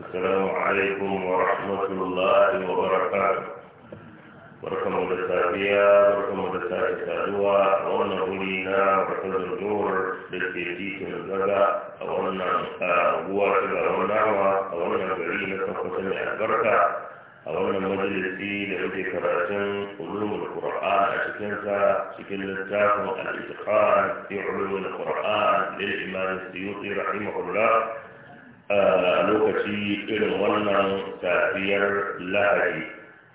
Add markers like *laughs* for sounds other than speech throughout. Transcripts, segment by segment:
السلام عليكم ورحمة الله وبركاته ورحمة الله سابيا ورحمة الله سابيا سادوا أولنا أولينا ورحمة الله نور لكيجي سنزلا أولنا أبوا أولنا أولنا بلينا سنفسنا أكبرك أولنا مجلسي لأولي كراسن علوم القرآن شكنسا شكن لتاه الاتقاد في علوم القرآن للإمام السيوطي رحمه الله a lokaci irin wannan safiyar lahadi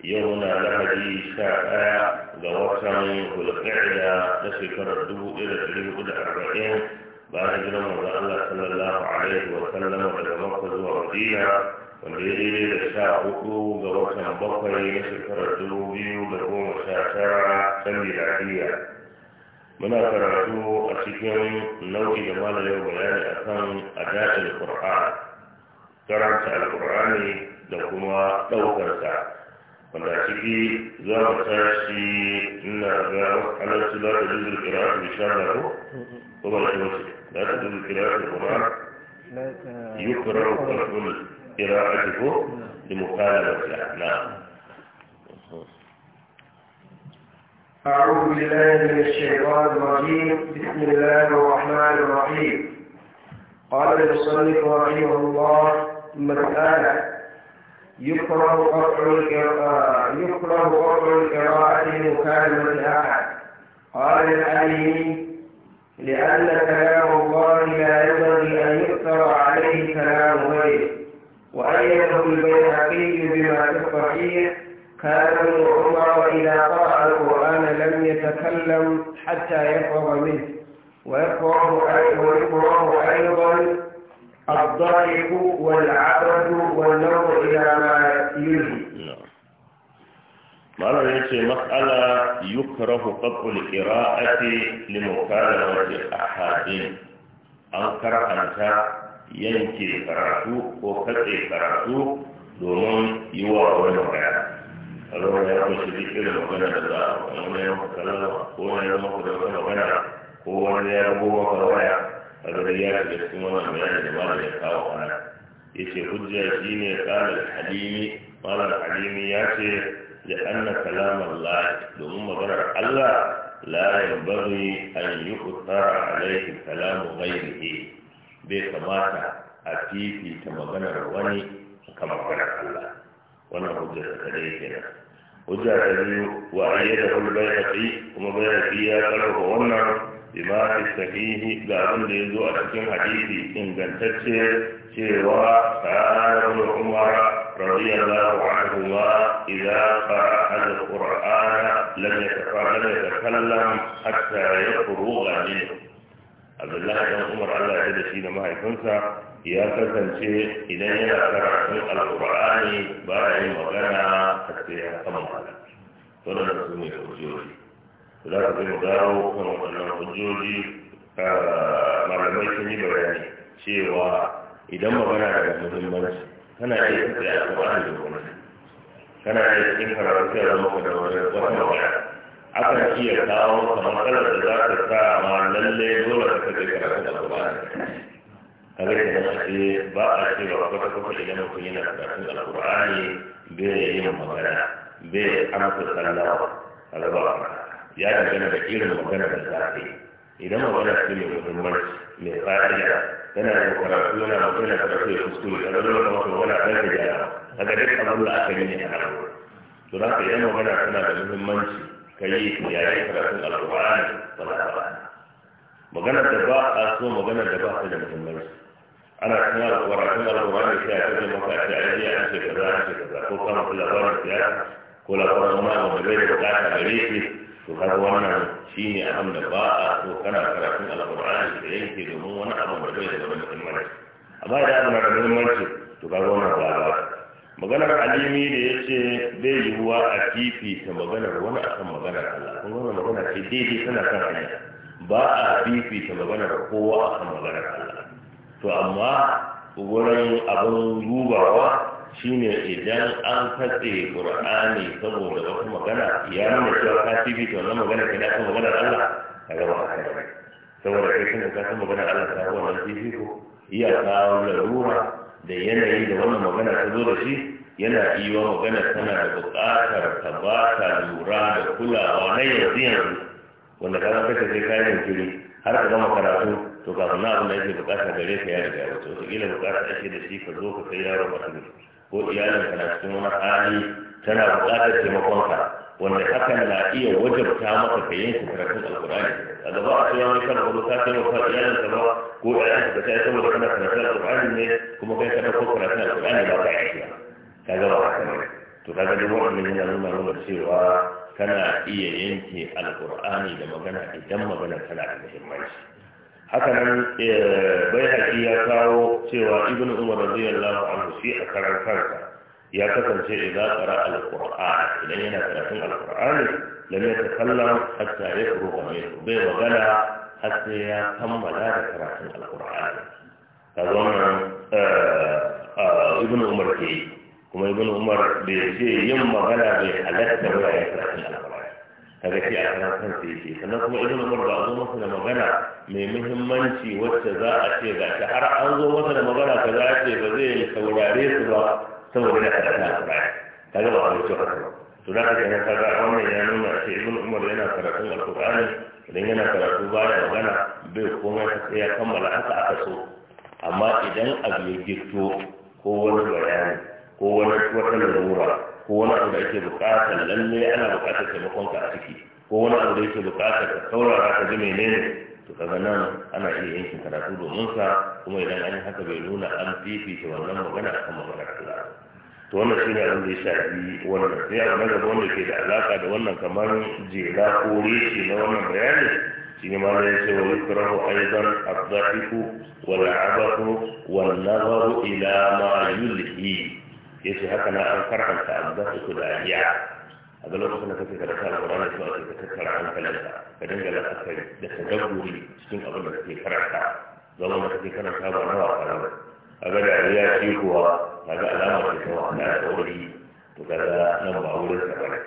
yau na lahadi sha ɗaya ga watan hulƙa'ida na shekarar dubu ɗaya da ɗari hudu da arba'in a jiran manzon Allah sallallahu alaihi wa sallam daga Makka zuwa Madina wanda ya daidai da sha uku ga watan bakwai na shekarar dubu biyu da goma sha tara ta miladiyya من أكرمته أشكيهم نوتي جمال اليوم بيان أكام أداة القرآن كرم سأل القرآن لكما توقن سأل فلا شكي زام تاشي إن أبعه على صلاة جزء القراءة بشان له وما يتوسي لا تجزء القراءة القرآن يكره قرآن قراءته لمقالبتها نعم أعوذ بالله من الشيطان الرجيم بسم الله الرحمن الرحيم قال المصنف رحمه الله مسألة يكره قطع القراءة يكره قطع القراءة لمكالمة أحد قال العليمي لأن كلام الله لا ينبغي أن يؤثر عليه كلام غيره وأن وأيده البيهقي بما تفرحيه كان عمر إذا قرأ القرآن لم يتكلم حتى يفرغ منه ويقرأه ويقرأه أيضا الضائق والعبد والنظر إلى ما يلهي ما لم نعم. يأتي مسألة يكره قطع القراءة لمكالمة الأحادين أنكر أنت ينكي كراتو وكتئ كراتو دون يوارون بيانا alawar ya kunshi duk irin magana da za a wani ya maka lalama ko wani ya maka da wani magana ko wani ya rago maka waya a gaban ya da cikin wannan bayanin da malam ya kawo ana yace hujja shine qala al-halimi qala al-halimi yace da anna kalam Allah domin maganar Allah la yanbaghi an yuqtara alayhi kalam ghayrihi bai kamata a fifita maganar wani kan maganar Allah ونرد إليك وجاء النبي وأيده البيهقي ومبيهقي قاله أن بما استفيه لا أبند يزوء لكن حديثي إن بنتك سيروا سالم عمر رضي الله عنهما إذا قرأ القرآن لم يتكلم يتكلم حتى يخرج منه عبد الله بن عمر الله يهدى فينا ما يكنسى ya kasance idan yana karatun alkur'ani ba ya yi magana a sai ya kammala da su ne hujjoji za ka zai dawo kan waɗannan hujjoji malamai sun yi bayani cewa idan magana daga muhimmanci kana iya tafiya a alkur'ani da gwamnati kana yi cikin karatu sai zama ka da wata magana akan iya kawo kamar kalar da za ka sa ma lalle dole ka kaje karatun alkur'ani kaga ke da shi ba a cewa kwata kwata idan mutum yana karatun alkur'ani bai yin magana bai amsa sallawa kaga ba ya dangana da irin magana da zafi idan magana ce mai muhimmanci mai fa'ida yana da karatu yana magana da karatu ya kuskure kaga dole kamar wani abin da gyara kaga duk abin da aka yi ne a nan to za ka idan magana suna da muhimmanci ka yi yayin karatun alkur'ani wala ba Maganar da ba a so maganar da ba ta da muhimmanci ana cikin alƙur'ani alƙur'ani sai a cikin maka ce a jiya an ce kaza an ce kaza ko kama kula labarin siyasa ko labarin wani abu da bai da bukata gare shi to kaga wannan shine abin da ba a so kana karatun alƙur'ani da yanke domin wani abu da bai da wani muhimmanci amma idan abu na da muhimmanci to kaga wannan ba maganar alimi da ya ce bai yiwuwa a fifita maganar wani akan maganar Allah kun wannan magana ce daidai tana kan hanya ba a fifita maganar kowa akan maganar Allah to amma wurin abin dubawa shine idan an katse ƙur'ani saboda wasu magana ya nuna cewa ka fi fi wannan magana ke ka magana Allah gaba a kan da saboda kai kin ka san magana Allah ta fi fi ko iya kawo larura da yanayi da wannan magana ta zo da shi yana iya magana tana da buƙatar ta ba ta lura da kulawa na yanzu yanzu wanda ka zaka sai kayan jinkiri har ka gama karatu to kafin na abin da yake bukata gare ka ya riga wato wataƙila bukata ake da shi ka zo ka kai yaro asibiti ko iyalinka na cikin wani hali tana bukatar taimakonka wanda hakan na iya wajabta maka ka yanke karatun alkur'ani a gaba a cewa mai kana kuma ka taimaka iyalinka ba ko iyalinka ka taimaka saboda kana karatun alkur'ani ne kuma kai ka ɗauko karatun alkur'ani ba ka yi ba ka gaba a kan to kaga duk wannan yana nuna mana cewa kana iya yanke alkur'ani da magana idan magana tana da muhimmanci haka nan bai haƙi ya kawo cewa ibnu umar radiyallahu anhu shi a karan kansa ya kasance idan tsara alkur'ani idan yana karatun alkur'ani lam yatakallam hatta yafruqa minhu bai magana har sai ya kammala da karatun alkur'ani kazo nan ibnu umar ke yi kuma ibn umar da ya ce yin magana bai halatta ba ya karatun ta kaga shi a kan karan sai ce sannan kuma ibn umar ba zo masa da magana mai muhimmanci wacce za a ce ga shi har an zo masa da magana ka za a ce ba zai saurare su ba saboda na karatun alkur'ani kaga ba a wuce haka ba to da haka yana kaga wannan ya nuna ce ibn umar yana karatun alkur'ani idan yana karatu ba da magana bai komai sai ya kammala haka aka so amma idan abu ya gito ko wani bayani ko wani wata larura ko wani abu da ake buƙatar lalle ana bukatar taimakon ka a ciki ko wani abu da yake buƙatar ka saurara ka ji menene to kaga nan ana iya yankin karatu domin sa kuma idan an haka bai nuna an fifita wannan magana akan maganar Allah to wannan shi ne abin da ya shafi wannan sai abu na gaba wanda ke da alaka da wannan kamar jela ko reshe na wannan bayani shi ne ma ya ce wa yukrahu aidan azafiku wal abathu wal nazaru ila ma yulhi ya ce haka na an karanta abu za su dariya a ga lokacin da kake karanta alƙur'ani su ake ka tattara hankalinka ka dinga la'akari da tadabburi cikin abin da kake karanta zama da kake karanta ba na wasa ba a ga dariya ce kuwa ka ga alama ce ta wahala da wuri to ka ga nan ba wurin sa bane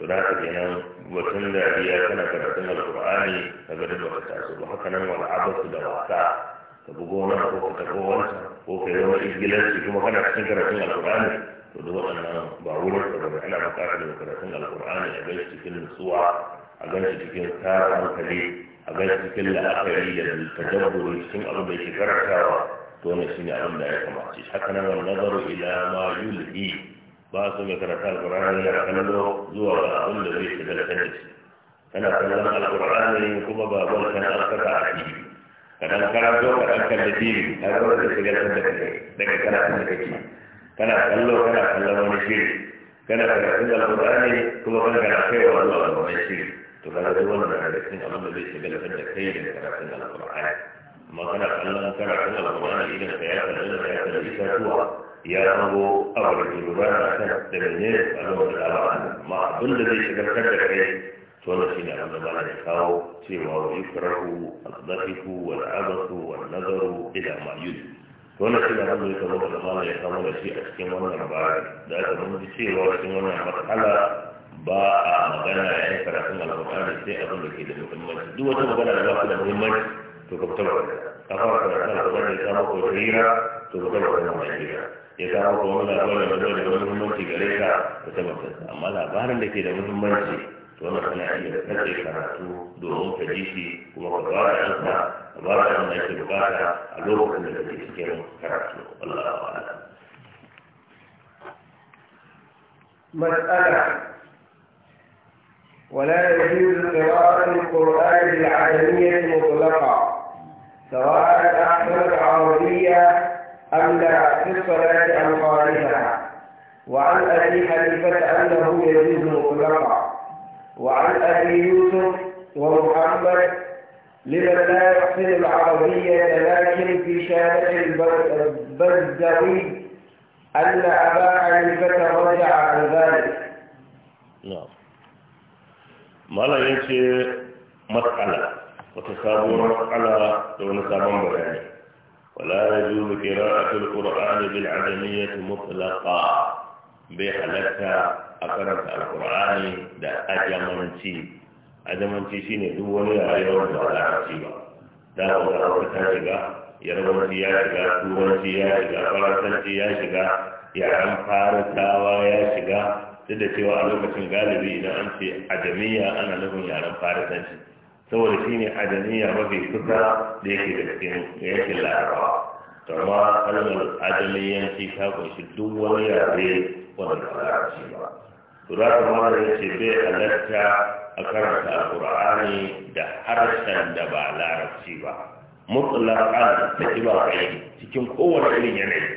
to da haka kenan batun dariya kana karatun alkur'ani ka ga da ba ka ba haka nan wani da wasa ka bugo wani ko ka tafi wani ko ka yi wani isgilanci kuma kana cikin karatun alkur'ani to duk waɗannan ba wurin ka ba ana buƙatar da karatun alkur'ani a gaishe cikin nutsuwa a gaishe cikin tara hankali a gaishe cikin la'akari da tadabburi cikin abin da ke karantawa to wannan shine abin da ya kamata. haka nan wannan nazaru ila ma yulhi ba su mai karanta alkur'ani yana kallo zuwa ga abin da zai shiga da kana kallon alkur'ani kuma ba ban kan alkaka a ciki kadan karanto kadan kalli tv na zo da shiga da kai daga karatun da kake kana kallo kana kallo wani shiri kana karatun alqur'ani kuma kana kai wa Allah wani shiri to kana da wannan da cin abin da zai shiga da kai da karatun alqur'ani amma kana kallon karatun alqur'ani idan ka ya kallon da ya kallon isa tuwa ya zango abu da ke gudana kan da menene a lokacin da ba amma abin da zai shigar da kai wannan shine abin da mana da kawo cewa wa yukrahu al-dhahiku wal abathu wal nadaru ila ma yud wannan ne abin da kawo da ya kawo da shi a cikin wannan bayani da aka mun ji cewa cikin wannan matsala ba a magana yayin karatun al-Qur'ani sai abin da ke da muhimmanci duk wata magana da ba ku muhimmanci to ka fitar da ka fara ka kawo ko to ka fitar da wannan ya kawo ko wani labarin da muhimmanci gare ka amma labarin da ke da muhimmanci وما كان عند النبي خاتو دوم كديسي وغار أنت غار أن يتبقى لوك الذي كان كراتو الله أعلم مسألة ولا يجوز قراءة القرآن العالمية مطلقة سواء أحمد عربية أم لا في الصلاة أم قارئها وعن أبي حنيفة أنه يجوز مطلقا وعن ابي يوسف ومحمد لمن لا يحسن العربية لكن في شارع البزدوي أن أبا حنيفة رجع عن ذلك. نعم. ما لا يمشي مسألة وتصابوا مسألة دون سبب يعني. ولا يجوز قراءة القرآن بالعدمية مطلقة بحلقة a karanta alkur'ani da ajamanci ajamanci shine duk wani rayuwar da ba larabci ba da ba larabci ta shiga yarbanci ya shiga turanci ya shiga faransanci ya shiga yaren farisawa ya shiga duk da cewa a lokacin galibi idan an ce ajamiya ana nufin yaren farisanci saboda shine ajamiya mafi kusa da yake da cikin yankin larabawa kama kalmar ajamiyanci ta kunshi duk wani yare wanda ba za a ci ba tura kamar ya ce bai halatta a karanta alkur'ani da harshen da ba larabci ba mutlaqan ta ba kai cikin kowane irin yanayi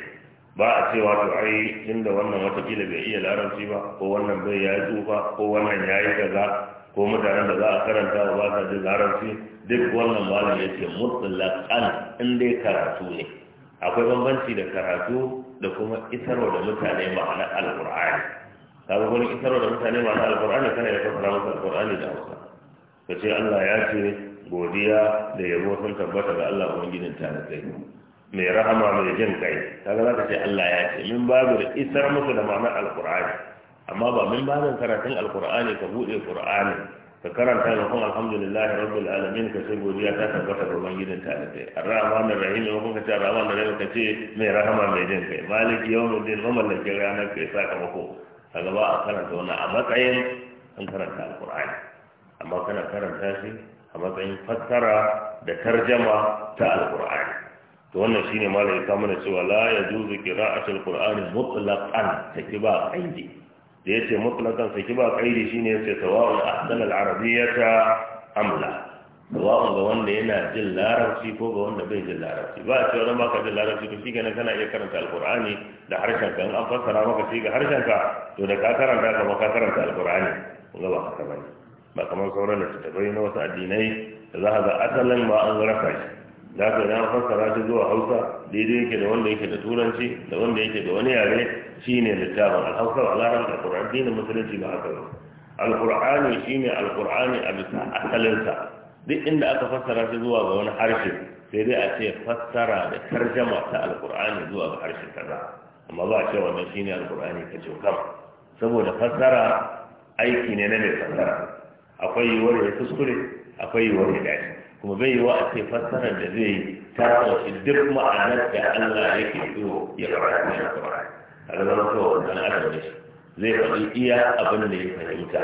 ba a cewa to ai inda wannan watakila bai iya larabci ba ko wannan bai ya tsufa ko wannan ya yi kaza ko mutanen da za a karanta ba sa jin larabci duk wannan malam ya ce mutlaqan in dai karatu ne akwai bambanci da karatu da kuma isarwa da mutane ma'anar alkur'ani kaga gurin isarwa da mutane masu alkur'ani kana ya fasara musu alkur'ani da hausa ka ce allah ya ce godiya da yabo sun tabbata ga allah ubangijin talibai mai rahama mai jin kai kaga za ka ce allah ya ce min babu isar musu da ma'anar alkur'ani amma ba min babin karatun alkur'ani ka buɗe kur'ani ka karanta ga kun alhamdulillahi rabbil alamin ka ce godiya ta tabbata ga ubangijin talibai arrahman arrahim ne kuma ka ce arrahman arrahim ka ce mai rahama mai jin kai maliki yawmiddin mamallakin ranar kai sakamako a gaba a karanta wani a matsayin an karanta alkur'ani amma kana karanta shi a matsayin fassara da tarjama ta alkur'ani to wannan shine malai ya mana cewa la yajuzu qira'atu alqur'ani mutlaqan saki ba qaidi da yace mutlaqan saki ba qaidi shine yace sawa'un ahsana al-arabiyyata amla sawa'un ga wanda yana jin larabci ko ga wanda bai jin larabci ba a ce wani maka jin larabci to shi ganin kana iya karanta alkur'ani da harshen ka in an fassara maka shi ga harshen ka to da ka karanta ka ka karanta alkur'ani kun ga ba haka ba ne ba kamar sauran littattafai na wasu addinai da za a ga asalin ma an rasa shi za ka idan fassara shi zuwa hausa daidai yake da wanda yake da turanci da wanda yake da wani yare shine littafin alhausa a larabci alkur'ani addinin musulunci ba haka ba alkur'ani shine alkur'ani a bisa asalinsa duk inda aka fassara shi zuwa ga wani harshe sai dai a ce fassara da tarjama ta alkur'ani zuwa ga harshe kaza amma ba a ce wannan shine alkur'ani ka ce kama saboda fassara aiki ne na mai fassara akwai yiwuwar ya kuskure akwai yiwuwar ya dace kuma bai yiwuwa a ce fassarar da zai yi ta ɗauki duk ma'anar da Allah yake so ya karanta ya karanta a zama kawai wannan adam zai faɗi iya abin da ya fahimta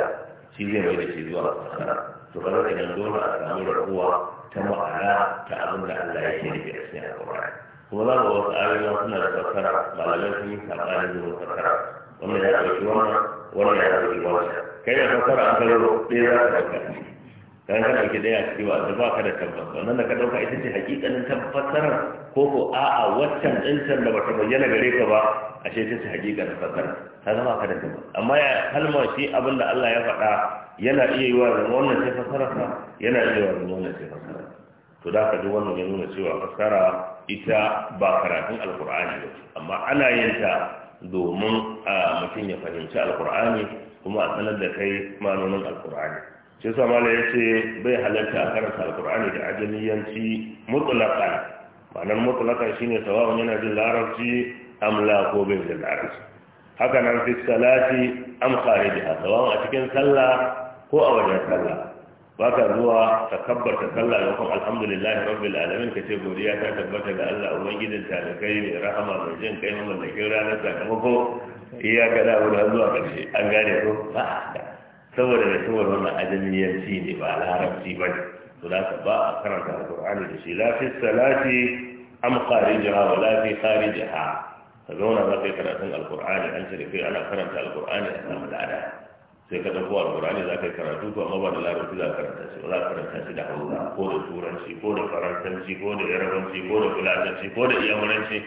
shi zai mai da shi zuwa fassara to kaga idan dole a samu rabuwa ta ma'ana ta abin da Allah ya da nufi a cikin alƙur'ani kuma za mu wasu ayoyi suna da fassara malamai sun yi sabanin zuwa fassara wannan ya ɗauki wannan wannan ya ɗauki wannan kai da fassara an kalaro ɗaya za ka ɗauka kan ka dauki a cikin da ba ka da tabbas wannan da ka dauka ita ce hakikanin tabbatar ko ko a'a waccan dinsan da bata bayyana gare ka ba ashe ita ce hakikanin tabbatar ka zama ka da tabbas amma ya kalma shi abin da Allah ya faɗa yana iya yi wa zama wannan sai fasararsa yana iya yi wa zama wannan sai fasara to da ka ji wannan ya nuna cewa fasara ita ba karatun alkur'ani ba amma ana yin ta domin a mutum ya fahimci alkur'ani kuma a sanar da kai manonin alkur'ani shi yasa mala ya ce bai halarta a karanta alkur'ani da ajaliyanci mutlaqan ma'anar mutulaka shine sawa'un yana jin larabci amla ko bai jin larabci haka nan fi salati am kharijaha sawa'un a cikin sallah ko a wajen sallah ba ka zuwa ka kabbarta sallah da kuma alhamdulillah rabbil alamin ka ce godiya ta tabbata ga Allah ubangijin talakai mai rahama mai jin kai mun da kin ranar sakamako iya ka da wurin zuwa karshe an gane ko ba saboda da saboda wannan ne ba larabci ba ne to da ka ba a karanta alqur'ani da shi la fi salati am kharijaha wa la fi kharijaha ka zauna za ka yi karatun alqur'ani an ce kai ana karanta alqur'ani a samu lada sai ka dauko alqur'ani za ka yi karatu to amma ba da larabci za ka karanta shi za ka karanta da hausa ko da turanci ko da faransanci ko da yarabanci ko da fulatanci ko da iyamuranci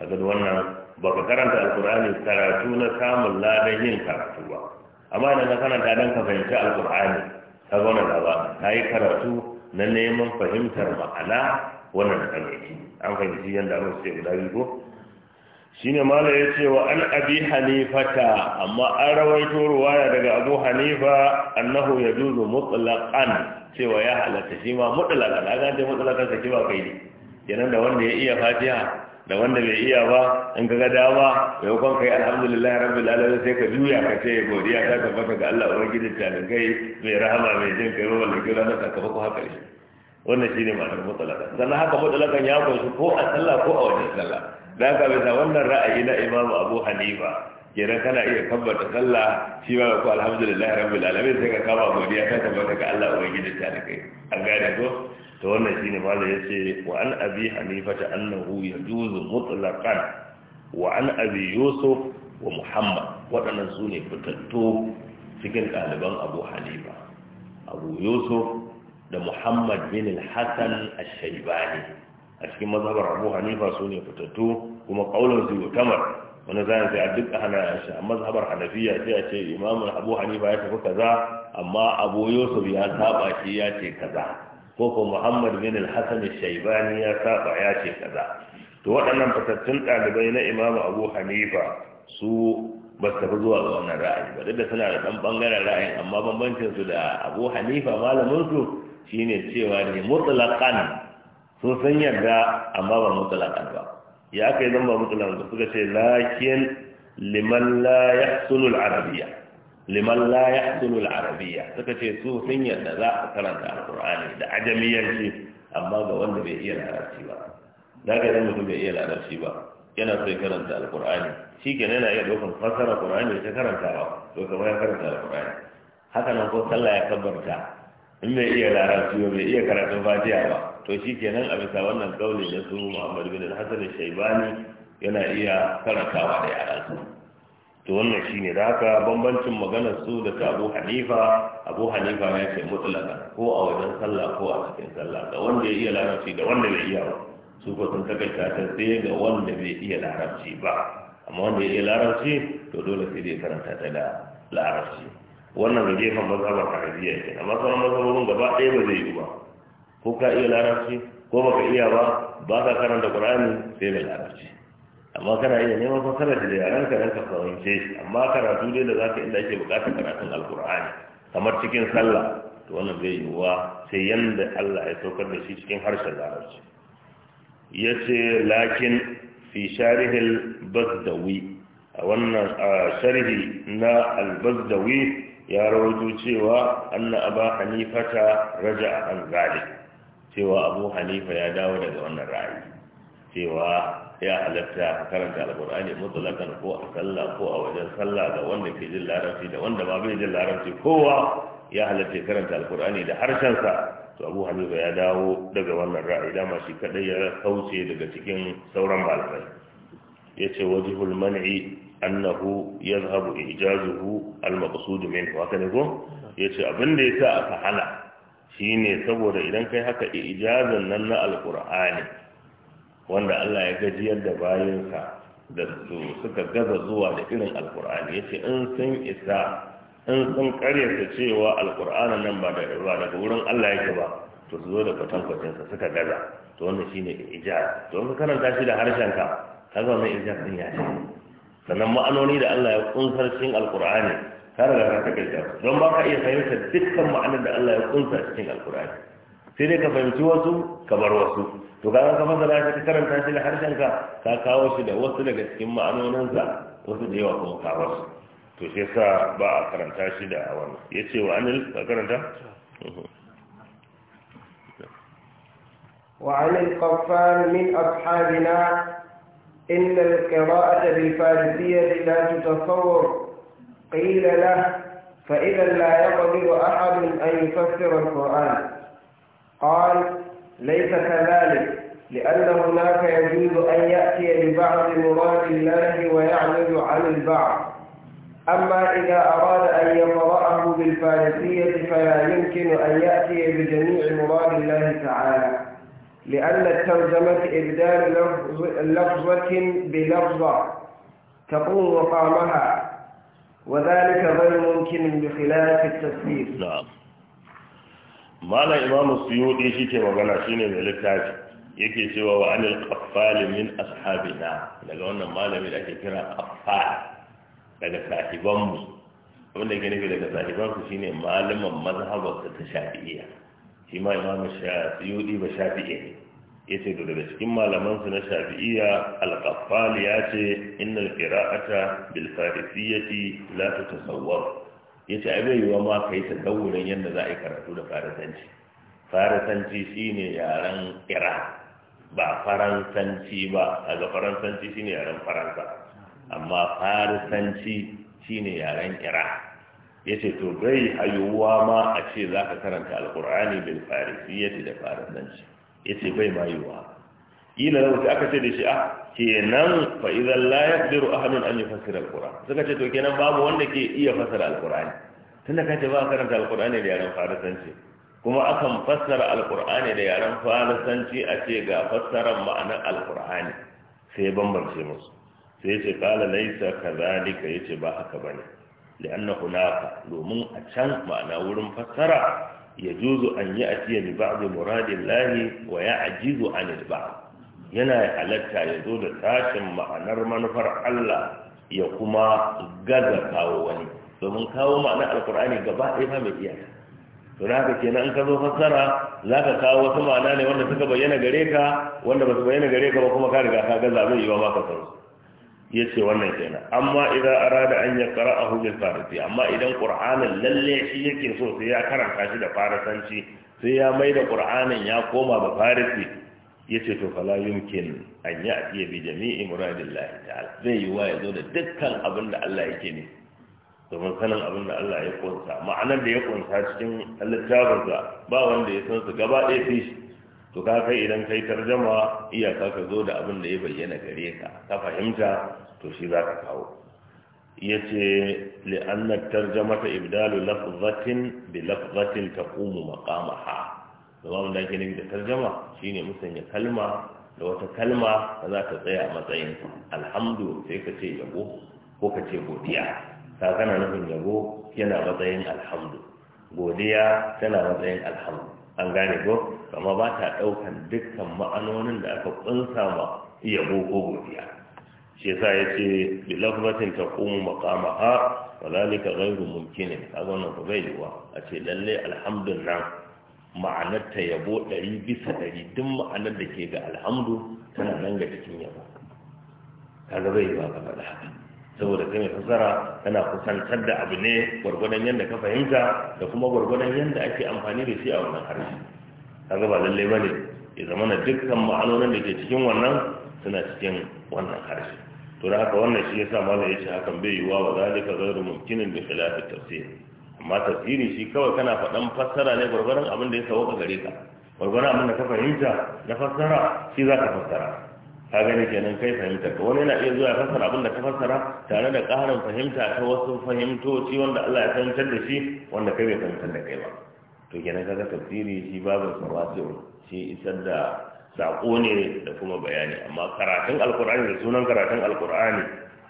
A da wannan ba ka karanta alkur'ani karatu na samun ladan yin karatu ba amma idan ka karanta dan ka fahimci Alkur'ani ka zauna da ba ka yi karatu na neman fahimtar ma'ana wannan da kan an fahimci yadda abin guda biyu ko shine mala ya ce wa an abi hanifata amma an rawaito ruwaya daga abu hanifa annahu ya juzu mutlaqan cewa ya halatta shi ma mutlaqan a gante mutlaqan sa kiba kai ne kenan da wanda ya iya fatiha da wanda bai iya ba in ka ga dama mai kwan kai alhamdulillah rabbi alamin sai ka juya ka ce godiya ta tabbata ga Allah ubangijin kai, mai rahama mai jin kai wanda ke ranar sakamako haka ne wannan shi shine ma'anar mutlaqan sannan haka mutlaqan ya kunshi ko a sallah ko a wajen sallah da ka bisa wannan ra'ayi na imamu abu hanifa kenan kana iya tabbata sallah shi ma ku alhamdulillah rabbil alamin sai ka kama godiya ta tabbata ga Allah ubangiji ta da kai an gane ko to wannan shine malam yace wa an abi hanifa ta annahu yajuzu mutlaqan wa an abi yusuf wa muhammad wadannan sune fitattu cikin ɗaliban abu hanifa abu yusuf da muhammad bin al-hasan al shaybani a cikin mazhabar abu hanifa su ne fitattu kuma kaulan su yutamar wani sai a duk hana shi a mazhabar hanafiya sai a ce imamu abu hanifa ya tafi kaza amma abu yusuf ya saba shi ya ce kaza ko ko muhammad bin al-hasan shaibani ya saba ya ce kaza to waɗannan fitattun ɗalibai na imamu abu hanifa su ba su tafi zuwa ga wannan ra'ayi ba duk da suna da ɗan ɓangaren ra'ayin amma bambancinsu da abu hanifa malaminsu shine cewa ne mutlaqan Sun san yadda amma ba mutlaƙan ba ya aka yi zamba mutlaƙan ba suka ce lakin liman la yahsulu al-arabiyya liman la yahsulu al-arabiyya suka ce su sun yadda za a karanta alqur'ani da ajamiyanci amma ga wanda bai iya larabci ba da ka yi mutum bai iya larabci ba yana so ya karanta alqur'ani shi kenan yana iya ɗaukar fasara qur'ani ta karantawa to kamar ya karanta alqur'ani haka nan ko sallah ya kabbarta in bai iya larabci ba bai iya karatun fatiha ba to shi kenan a bisa wannan kauli na su muhammad bin hassan shaibani yana iya karantawa da yara su to wannan shi ne da haka bambancin maganar su da ta abu hanifa abu hanifa ya ce mutlaka ko a wajen sallah ko a cikin sallah ga wanda ya iya larabci da wanda bai iya ba su ko sun takaita ta sai ga wanda bai iya larabci ba amma wanda ya iya larabci to dole sai dai karanta ta da larabci wannan da gefen mazhabar hanafiya ke amma sauran mazhaborin gaba ɗaya ba zai yi ba ko ka iya larabci ko baka iya ba ba ka karanta qur'ani sai da larabci amma kana iya neman fasara da yaran ka dan ka fahimce shi amma karatu dai da zaka inda ake bukatar karatun alqur'ani kamar cikin sallah to wannan zai yiwuwa sai yanda Allah ya saukar da shi cikin harshen larabci yace lakin fi sharihil bazdawi a wannan sharhi na al-bazdawi ya rawaito cewa anna aba hanifata raja an zalik cewa abu hanifa ya dawo daga wannan ra'ayi cewa ya halatta karanta alkur'ani mutlaqan ko a sallah ko a wajen sallah ga wanda ke jin larabci da wanda ba bai jin larabci kowa ya halatta karanta alkur'ani da harshen sa to abu hanifa ya dawo daga wannan ra'ayi dama shi kadai ya kauce daga cikin sauran malamai yace wajhul man'i annahu yadhhabu ijazuhu al-maqsud minhu haka ne ko yace abin da yasa aka hana shine saboda idan kai haka ijazan nan na alqur'ani wanda Allah ya gajiyar da bayinka da su suka gaza zuwa da irin alqur'ani yace in sun isa in sun karyata cewa alqur'anin nan ba daga wurin Allah yake ba to su zo da fatan sa suka gaza to wannan shine ijaz to kana tashi karanta da harshen ka ga wannan ijaz din ya ce sannan ma'anoni da Allah ya kunsar cikin alkur'ani ka riga ka take ta don ba ka iya fahimtar dukkan ma'anar da Allah ya kunsar cikin alkur'ani sai dai ka fahimci wasu ka bar wasu to ga ka ga da shi ka karanta shi da harshen ka ka kawo shi da wasu daga cikin ma'anoninsa wasu da yawa kuma ka wasu to shi yasa ba a karanta shi da wannan yace wa anil ka karanta وعن القفار من أصحابنا إن القراءة بالفارسية لا تتصور قيل له فإذا لا يقدر أحد أن يفسر القرآن قال ليس كذلك لأن هناك يجوز أن يأتي لبعض مراد الله ويعرض عن البعض أما إذا أراد أن يقرأه بالفارسية فلا يمكن أن يأتي بجميع مراد الله تعالى لأن الترجمة إبدال لفظة بلفظة تقوم وقامها وذلك غير ممكن بخلاف التفسير نعم ما لا إمام السيوطي يجي ما قال شيء من الكتاب يجي سوى وعن القفال من أصحابنا لقونا ما لم يكن قفال daga sahibanmu wanda gani daga sahibanku shine malamin mazhabar ta shafi'iyya shi ma shafi'i ba shafi'i ne yace to daga cikin malaman su na shafi'iyya al-qaffal yace innal qira'ata bil farisiyyati la tatasawwar yace ai bai yiwa ma kai ta dawurin yanda za a yi karatu da farisanci farisanci shine yaren ira ba faransanci ba daga faransanci shine yaren faransa amma farisanci shine yaren ira ya ce to bai hayuwa ma a ce za ka karanta alkur'ani bil farisiyyati da farisanci ya ce bai ma yiwuwa ila lahu aka ce da shi a ah, kenan fa idan la yaqdiru ahadun an yufassira alquran suka ce to kenan babu wanda ke iya fasara alqurani tunda kace ba karanta alqurani da yaran farisanci kuma akan fassara alqurani da yaran farisanci a ce ga fassaran ma'anar alqurani sai bambance musu sai ce qala laysa ya yace ba haka bane domin لأن هناك لومن أتشان معنى ورم فسرع يجوز أن يأتي لبعض مراد الله ويعجز عن ba. yana halatta ya zo da tashin ma'anar manufar Allah ya kuma gaza kawo wani domin kawo ma'anar alkur'ani gaba ɗaya ma mai iyaka to na haka kenan in ka zo fassara za ka kawo wasu ma'ana ne wanda suka bayyana gare ka wanda ba su bayyana gare ka ba kuma ka riga ka gaza mai yiwa ma ka san su ya ce wannan kenan amma idan arada an ya kara a hujjar farisi amma idan ƙur'anin lalle shi yake so sai ya karanta shi da farisanci sai ya mai da ƙur'anin ya koma da farisi ya ce to fala yumkin an yi a fiye bi jami'i lahi ta'ala zai yi wa ya zo da dukkan abin da Allah yake ne domin sanin abin da Allah ya kunsa ma'anar da ya kunsa cikin littafinsa ba wanda ya san su gaba ɗaya shi to ka kai idan kai tarjama iyaka ka zo da abin da ya bayyana gare ka ka fahimta to shi za ka kawo yace li'anna tarjamata ibdalu lafzatin bi lafzatin taqumu maqamaha zaman da ke nufi da tarjama shine musanya kalma da wata kalma da za ta tsaya a matsayin alhamdu sai ka ce yabo ko ka ce godiya ka kana nufin yabo yana matsayin alhamdu godiya tana matsayin alhamdu an gane ko amma ba ta ɗaukan dukkan ma'anonin da aka kunsa ma yabo ko godiya shi yasa ya ce bi lafzatin ta kuma makama ha wa ghairu mumkin a wannan ku bai yiwa a ce lalle alhamdulillah ma'anar ta yabo ɗari bisa ɗari duk ma'anar da ke ga alhamdu tana nan ga cikin yabo kaga bai ba ka faɗa haka saboda kai mai fasara kana kusantar da abu ne gwargwadon yadda ka fahimta da kuma gwargwadon yadda ake amfani da shi a wannan harshe kaga ba lallai ba ne ya zama na dukkan ma'anonin da ke cikin wannan suna cikin wannan harshe to da haka wannan shi yasa ma ya ce hakan bai yiwuwa wa zalika ghairu mumkinin bi khilafi tafsir amma tafsiri shi kawai kana faɗan fassara ne gwargwadon abin da ya sauka gare ka gwargwadon abin da ka fahimta na fassara shi za ka fassara ka gani kenan kai fahimta ka wani yana iya zuwa fassara abin da ka fassara tare da ƙarin fahimta ta wasu fahimtoci wanda Allah ya fahimtar da shi wanda kai bai fahimtar da kai ba to kenan kaga tafsiri shi babu sawasi'u shi isar da sako ne da kuma bayani amma karatun alkur'ani da sunan karatun alkur'ani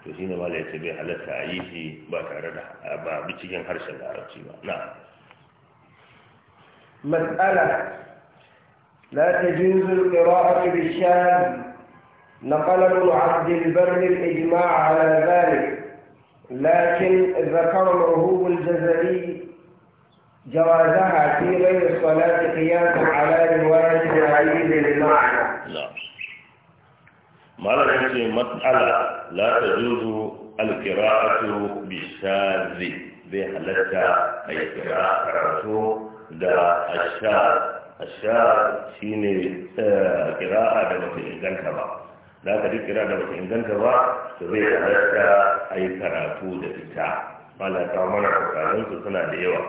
to shine ma ya ce bai halatta a yi shi ba tare da ba bi cikin harshen larabci ba na mas'ala la tajuzu al bi نقل ابن عبد البر الإجماع على ذلك لكن ذكر مرهوب الجزري جوازها في غير الصلاة قياسا على رواية العيد للمعنى ما نعم. رأيت مسألة لا تجوز القراءة بالشاذ بحلتا أي قراءة الشاذ الشاذ شيني آه، قراءة بمثل ذنك da aka kira da bata inganta ba su zai halatta a yi karatu da ita mana kawo mana suna da yawa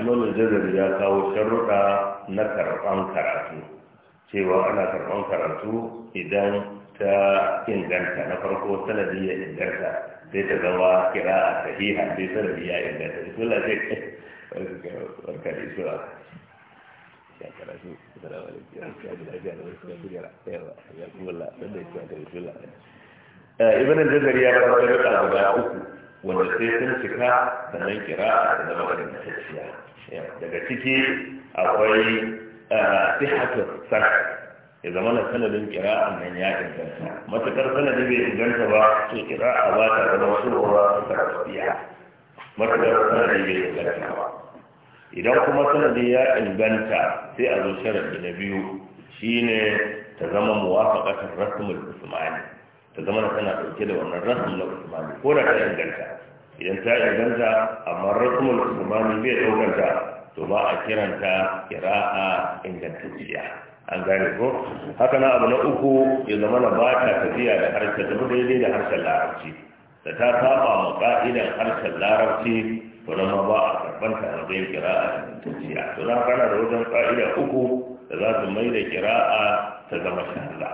imanu jazari ya kawo sharruɗa na karɓan karatu cewa ana karɓan karatu idan ta inganta na farko sanadi ya inganta sai ta zama kira a sahiha sai sanadi ya inganta *laughs* ya karatu assalamu alaikum ya ji lafiya da wasu kujera yawa ya kuma la dan da yake da bismillah eh ibn al-jazari ya fara da guda uku wanda sai sun cika sannan kira da zama da mutacciya daga ciki akwai sihhatul sarh ya zama na sanadin kira'a nan ya inganta matakar sanadin bai inganta ba to kira'a ba ta zama shurwa ta tafiya matakar sanadin bai inganta ba idan kuma sanadi ya inganta sai a zo sharadi na biyu shine ta zama muwafaqatar rasmul usmani ta zama tana dauke da wannan rasmul usmani ko da ta inganta idan ta inganta amma rasmul usmani bai daukanta to ba a kiranta kira'a ingantacciya an gane ko haka na abu na uku ya zama na ba ta tafiya da harshen tafi daidai da harshen larabci da ta saba ma ka'idan harshen larabci to nan ma ba a banta sahabban sahabbai kira'a ingantacciya to za kana da wajen ƙa'ida uku da za su mai da kira'a ta zama shahada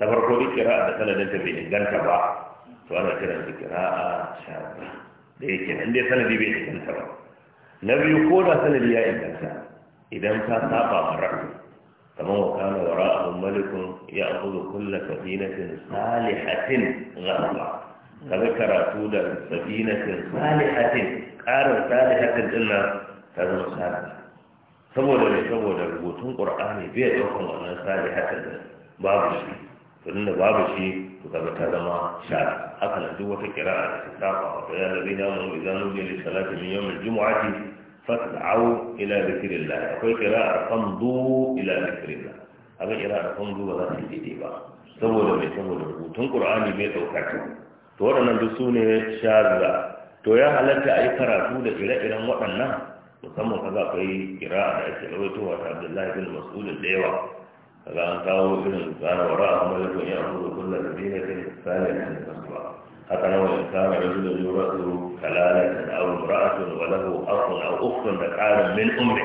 da farko duk kira'a da sanadin ta bai inganta ba to ana kiran su kira'a shahada da yake nan dai sanadi bai inganta ba na biyu ko da sanadi ya inganta idan ka saba ma rafi kamar wa kana wara'ahum malikun ya'khudhu kulla safinatin salihatin ghasba kaga karatu da safinatin salihatin ƙarin salihatin din nan ta zama salihatin saboda ne saboda rubutun ƙur'ani bai ɗaukan wannan salihatin din babu shi tun da babu shi to kaga ta zama shara haka nan duk wata kira'a da ta saba wato ya nabi na mun idan mun je salati min yawmil jumu'ati fas'au ila zikrillah akwai kira'a famdu ila zikrillah haka kira'a famdu ba za ta yi daidai ba saboda mai saboda rubutun ƙur'ani bai ɗauka ta to waɗannan duk su ne shari'a to ya halatta a yi karatu da ire-iren waɗannan musamman ka za ka yi kira da ake rawaitowa ta abdullahi bin mas'ud da yawa kaga an kawo irin tsara wa ra'a kuma lafi yin abu da kulla da dina ta yi tsari a cikin kasuwa haka nan wani kama da zuwa zuwa su kalala da abu ra'atun wa lahu akun a ukun da ƙarin min umri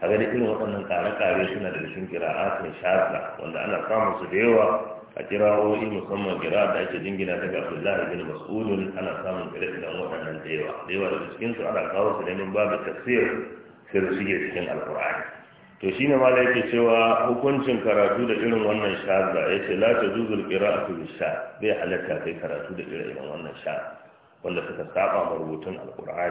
kaga da irin waɗannan kare-kare suna da rashin a kira'atun shafi wanda ana samun su da yawa a kira'o'i musamman kira da ake jingina ta Abdullah bin Mas'ud ana samun kira kiren waɗannan da yawa da yawa cikin su ana kawo su neman babu tafsir su shige cikin alkur'ani to shine mala yake cewa hukuncin karatu da irin wannan shaza yace la a qira'atu bisha bai halatta kai karatu da irin wannan sha wanda suka saba ma rubutun na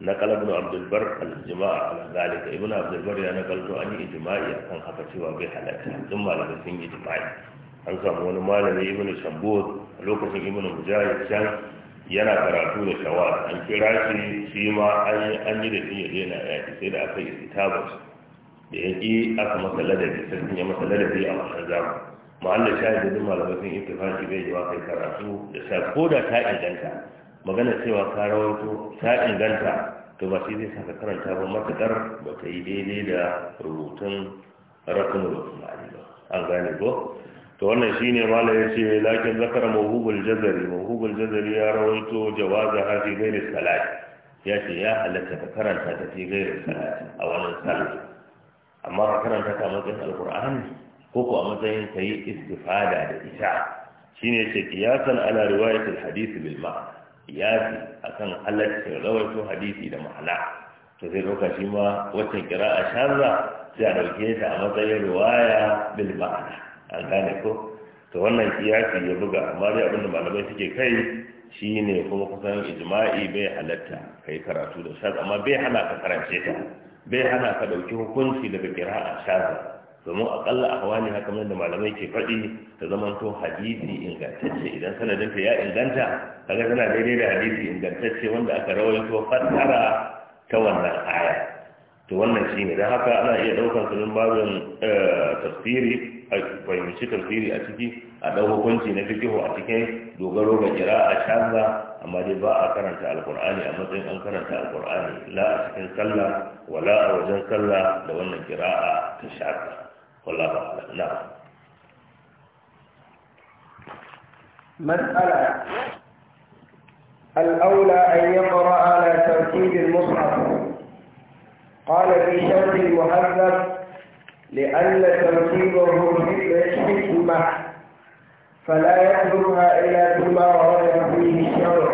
نقل ابن عبد jima'a الجماع على ذلك ابن عبد البر يا نقلت عن اجماعي akan haka cewa bai halatta dun malamin sun yi ijma'i an samu wani malami ibn shabbur a lokacin ibn mujahid can yana karatu da shawar an kira shi shi ma an yi da shi ya daina yaki sai da aka yi tabas da ya ƙi aka masa ladabi sai ya masa ladabi a wannan zamani ma'alla shahid da malamai sun ittifaqi bai yi wa kai karatu da sha ko da ta inganta magana cewa ka rawanto ta inganta to ba shi zai saka karanta ba matakar ba ta yi daidai da rubutun rakunul usmani ba an gane ko to wannan shine mala ce lakin zakara mawhubul jazari mawhubul jazari ya rawaito jawaza hafi gairi salati yace ya halatta ka karanta ta fi gairi salati a wannan salati amma ka karanta ka matsayin alkur'ani ko ko a matsayin yi istifada da ita shine yace kiyasan ala riwayat hadisi bil ma'na qiyasi akan halatta rawaito hadisi da ma'ana to zai ɗauka shi ma wacce kira a sharra sai a ɗauke ta a matsayin riwaya bil ma'ana an gane ko to wannan kiyasi ya buga amma dai abinda malamai suke kai shi ne kuma kusan ijma'i bai halatta Ka yi karatu da shaz amma bai hana ka karance ta bai hana ka ɗauki hukunci daga a shaz domin aƙalla a wani haka da malamai ke faɗi ta zaman to hadisi ingantacce idan sanadinta ya inganta kaga tana daidai da hadisi ingantacce wanda aka rawaito fassara ta wannan aya to wannan shine dan haka ana iya daukar su babin eh, tafsiri fahimci tafsiri a ciki a ɗau hukunci na fikihu a cikin dogaro ga kira a canza amma dai ba a karanta alkur'ani a matsayin an karanta alkur'ani la a cikin sallah wala a wajen sallah da wannan kira a ta shafi wala ba na مسألة الأولى أن يقرأ على ترتيب المصحف قال في شرح المهذب لأن ترتيبه الحكمة فلا يطلبها إلا بما ورد فيه الشرع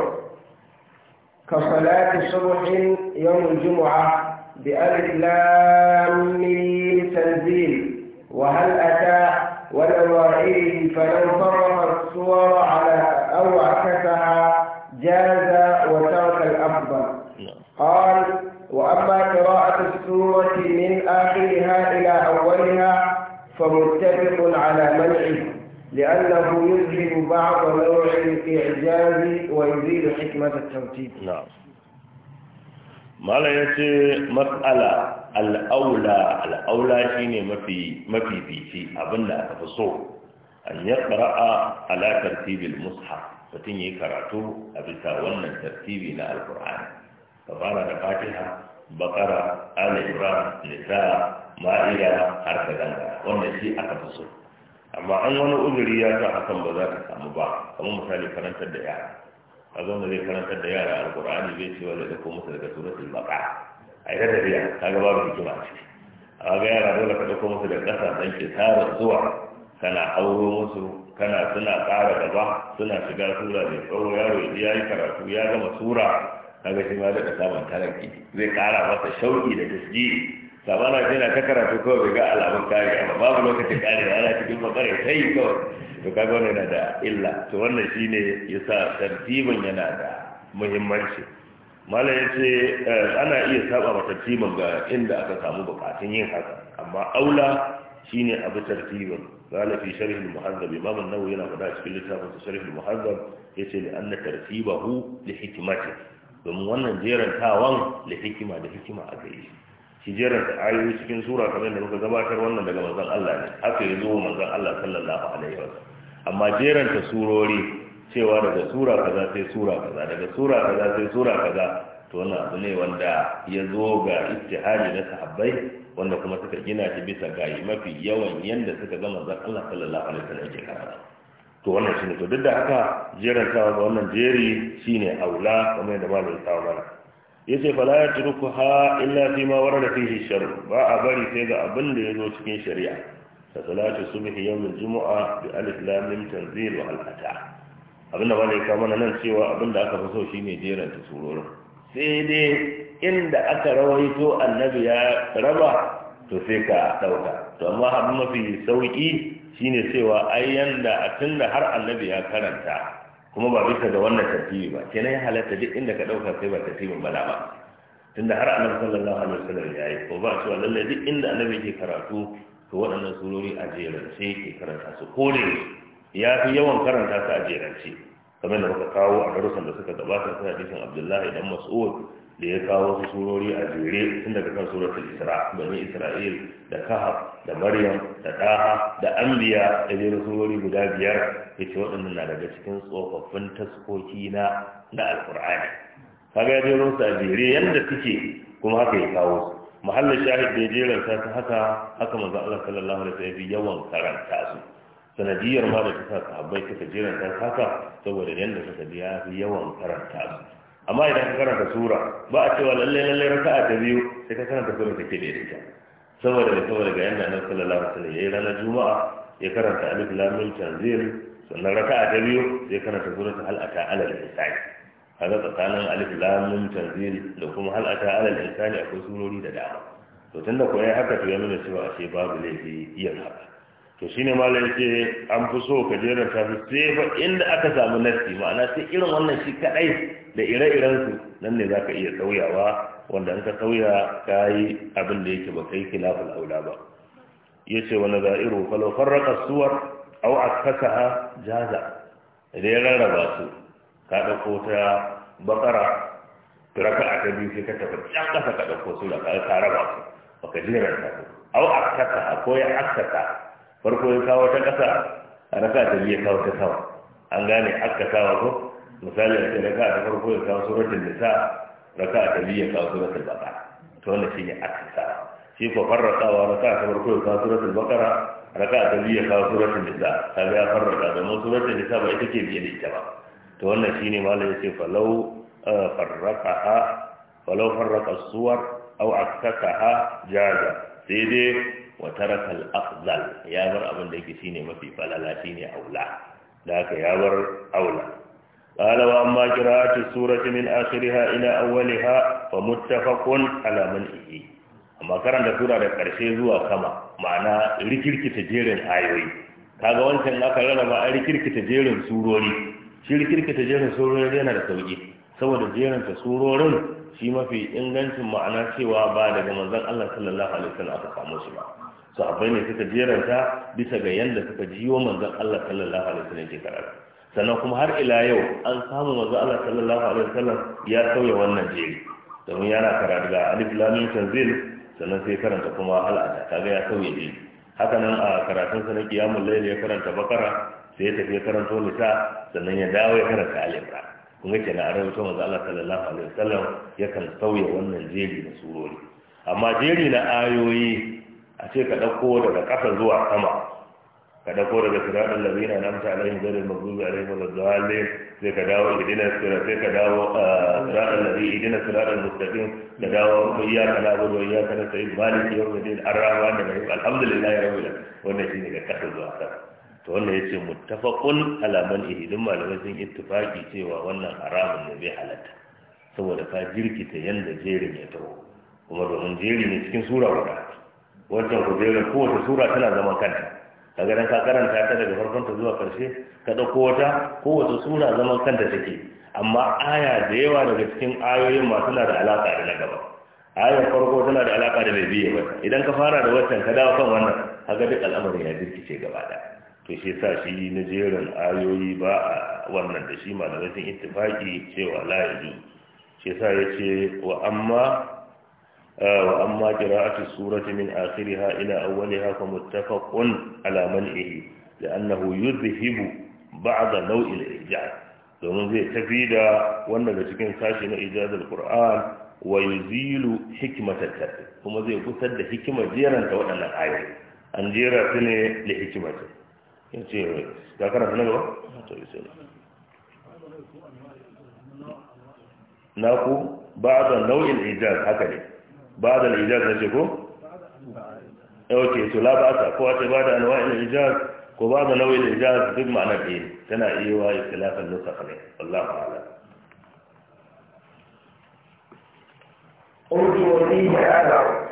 كصلاة صبح يوم الجمعة بألف لام تنزيل وهل أتى ونوائله فلو فرغ الصور على أو عكسها جاز وترك الأفضل نعم. قال وأما قراءة السورة من آخرها إلى فمتفق على منعه لأنه يذهب بعض نوع الإعجاز ويزيل حكمة الترتيب نعم ما لا يتي مسألة الأولى الأولى شيني مفي مفي شيء أبنى أفصول أن يقرأ على ترتيب المصحف فتني ya yi karatu a إلى القرآن tartibi na alkur'ani ka إبراهيم da ما إلى al wannan shi aka fi so amma an wani uzuri ya sa hakan ba za ka samu ba kamar misali karantar da yara a zaune zai karantar da yara alkur'ani zai ce wanda ko musu daga suratul baqara ai da dariya kaga babu hikima ce a ga yara dole ka dauko musu daga kasa dan ke tara zuwa kana auro musu kana suna ƙara gaba suna shiga sura mai tsawo yaro ya yi karatu ya gama sura kaga shi ma daga samun taraki zai ƙara masa shauki da tasjiri sabana sai na ta karatu kawai bai ga alamun kare ba babu lokacin kariya ana cikin makare yi kawai to kaga wannan yana da illa to wannan shine sa tartiban yana da muhimmanci malam ya ce eh, ana iya saba wa tartiban ga inda aka samu bukatun yin haka amma aula shine abu tartiban qala fi sharh al-muhazzab yana faɗa cikin littafin sharh al-muhazzab ce li anna tartibahu da hikmati domin wannan jerantawan da hikima da hikima a gare hijirar da ayoyi cikin sura kamar da muka gabatar wannan daga manzon Allah ne haka ya zo manzon Allah sallallahu alaihi wasallam amma jeran ta surori cewa daga sura kaza sai sura kaza daga sura kaza sai sura kaza to wannan abu ne wanda ya zo ga ittihadi na sahabbai wanda kuma suka gina shi bisa ga mafi yawan yanda suka ga manzon Allah sallallahu alaihi wasallam yake karatu to wannan shine to duk da haka jeran ta wannan jeri shine aula kamar da malamin ta mana yace fala yatrukuha illa fi ma warada fihi shar ba a bari sai ga abin da zo cikin shari'a ta salatu subh yawm al-jumu'a bi alif lam mim tanzil wa al-ata abin da bane kama mana nan cewa abin da aka fi so shine jeran ta surorin sai dai inda aka rawaito annabi ya raba to sai ka dauka to amma abin mafi sauki shine cewa a yanda tunda har annabi ya karanta kuma ba bisa da wannan tartibi ba kenan ya halatta duk inda ka ɗauka sai ba tartibin bala ba tunda har annabi sallallahu alaihi wasallam ya yi ko ba cewa lallai duk inda annabi ke karatu to waɗannan surori a jerance ke karanta su ko da ya fi yawan karanta su a jerance kamar da muka kawo a darussan da suka gabata ta hadisin Abdullahi dan Mas'ud da ya kawo su surori a jere tun daga kan suratul Isra bani Isra'il da Kahf da maryam da ɗaha da anbiya da jerin surori guda biyar ya ce waɗannan na daga cikin tsofaffin taskoki na na alkur'ani kaga ya jero su a jere Yanda suke kuma haka ya kawo su mahallin shahid da ya jeranta ta haka haka manzo Allah sallallahu alaihi wasallam yawan karanta su sanadiyar ma da ta sahabbai suka jeranta ta haka saboda yadda suka biya yawan karanta su amma idan ka karanta sura ba a cewa lalle lalle raka'a ta biyu sai ka karanta sura take da ita saboda mai saboda ga yanda annabi sallallahu alaihi wasallam yayi ranar juma'a ya karanta alif lam mim tanzil sannan raka'a ta biyu sai karanta suratul hal ata ala al-insani kaga tsakanin alif lam mim tanzil da kuma hal ata ala al-insani akwai surori da dama to tunda ko yayi haka to ya nuna cewa ashe babu laifi yin haka to shine malai ce an fi so ka jera ta fi sai fa inda aka samu nasi ma'ana sai irin wannan shi kadai da ire-iren su nan ne zaka iya sauyawa wanda in ka sauya ka yi abin da yake ba kai khilafin aula ba ya ce wani za'iru falau farraka suwar au akasaha jaza da ya rarraba su ka ɗauko ta bakara raka a ta biyu sai ka tafi can ƙasa ka ɗauko su da ka raba su ba ka jera ta au akasaha ko ya akasa farko ya kawo ta ƙasa a raka ta biyu ya kawo ta sawa. an gane akasawa ko misali a ce raka ta farko ya kawo suratul nisa raka ta biyu ya kawo ta baqara to wannan shine akasa shi ko farrakawa raka ta farko ya kawo suratul baqara raka ta biyu ya kawo ta nisa kaga ya farraka domin suratul nisa ba ita ke biye da ita ba to wannan shine malam yace falau eh, farrakaha falau farraka suwar aw akkasaha jaza sai dai wa taraka al-afdal ya bar abin da yake shine mafi falala shine aula da haka ya bar aula قال وأما قراءة السورة من آخرها إلى أولها فمتفق على منعه amma karanta sura da ƙarshe zuwa sama ma'ana rikirkita jerin ayoyi kaga wancan aka rarraba an rikirkita jerin surori shi rikirkita jerin surori yana da sauki saboda jerin ta surorin shi mafi ingancin ma'ana cewa ba daga manzan Allah sallallahu alaihi wasallam aka samu shi ba sahabbai ne suka jeranta bisa ga yanda suka jiwo manzan Allah sallallahu alaihi wasallam ke karatu sannan kuma har ila yau an samu manzo Allah sallallahu alaihi wasallam ya sauya wannan jeri domin yana karatu ga alif lam mim tanzil sannan sai karanta kuma al'ada kaga ya sauya jeri haka nan a karatun sa na qiyamul layl ya karanta bakara sai ya tafi karanta nisa sannan ya dawo ya karanta al-imran kun ga kenan a rawaito manzo Allah sallallahu alaihi wasallam yakan sauya wannan jeri na surori amma jeri na ayoyi a ce ka dauko daga ƙasa zuwa sama ka dauko daga siratul ladina namta alaihim ghayril maghdubi alaihim waladdallin sai ka dawo idina sirat sai ka dawo ah, siratul ladina idina siratul mustaqim da dawo iya kana gudu iya kana sai maliki yawmiddin arrahman arrahim alhamdulillahi rabbil alamin wannan shine ga kasa zuwa sama to wannan yace muttafaqun ala man ihdin malamai sun ittifaqi cewa wannan haramun ne bai halatta saboda ka jirkita yanda jerin ya taho kuma domin jeri ne cikin sura guda wancan ku kujerar kowace sura tana zaman kanta ka ganin ka karanta ta daga farkon ta zuwa karshe ka ɗauko wata kowace suna zaman kanta take amma aya da yawa daga cikin ayoyin masu na da alaƙa da na gaba ayar farko tana da alaƙa da mai biye ba idan ka fara da wancan ka dawo kan wannan haka duk al'amarin ya dirkice gaba da to shi sa shi na jerin ayoyi ba a wannan da shi malamai sun ittifaki cewa la yaji shi sa yace wa amma amma وأما قراءة السورة من آخرها إلى أولها فمتفق على منعه لأنه يذهب بعض نوع الإعجاز domin zai tafi da wanda daga cikin sashi na ijazar Qur'an wa yuzilu hikmatar kuma zai kusar da hikima jeran da waɗannan ayoyi an jera su ne da hikimar ta yace Da karanta na ba? to sai na ku ba da nau'in ijaz haka ne بعد الإجازة نشكو أوكي تلا بأس قوة بعد أنواع الإجازة وبعد نوع الإجاز بمعنى الدين تنا أيوة اختلاف النسخ له والله أعلم قلت وفيه أثر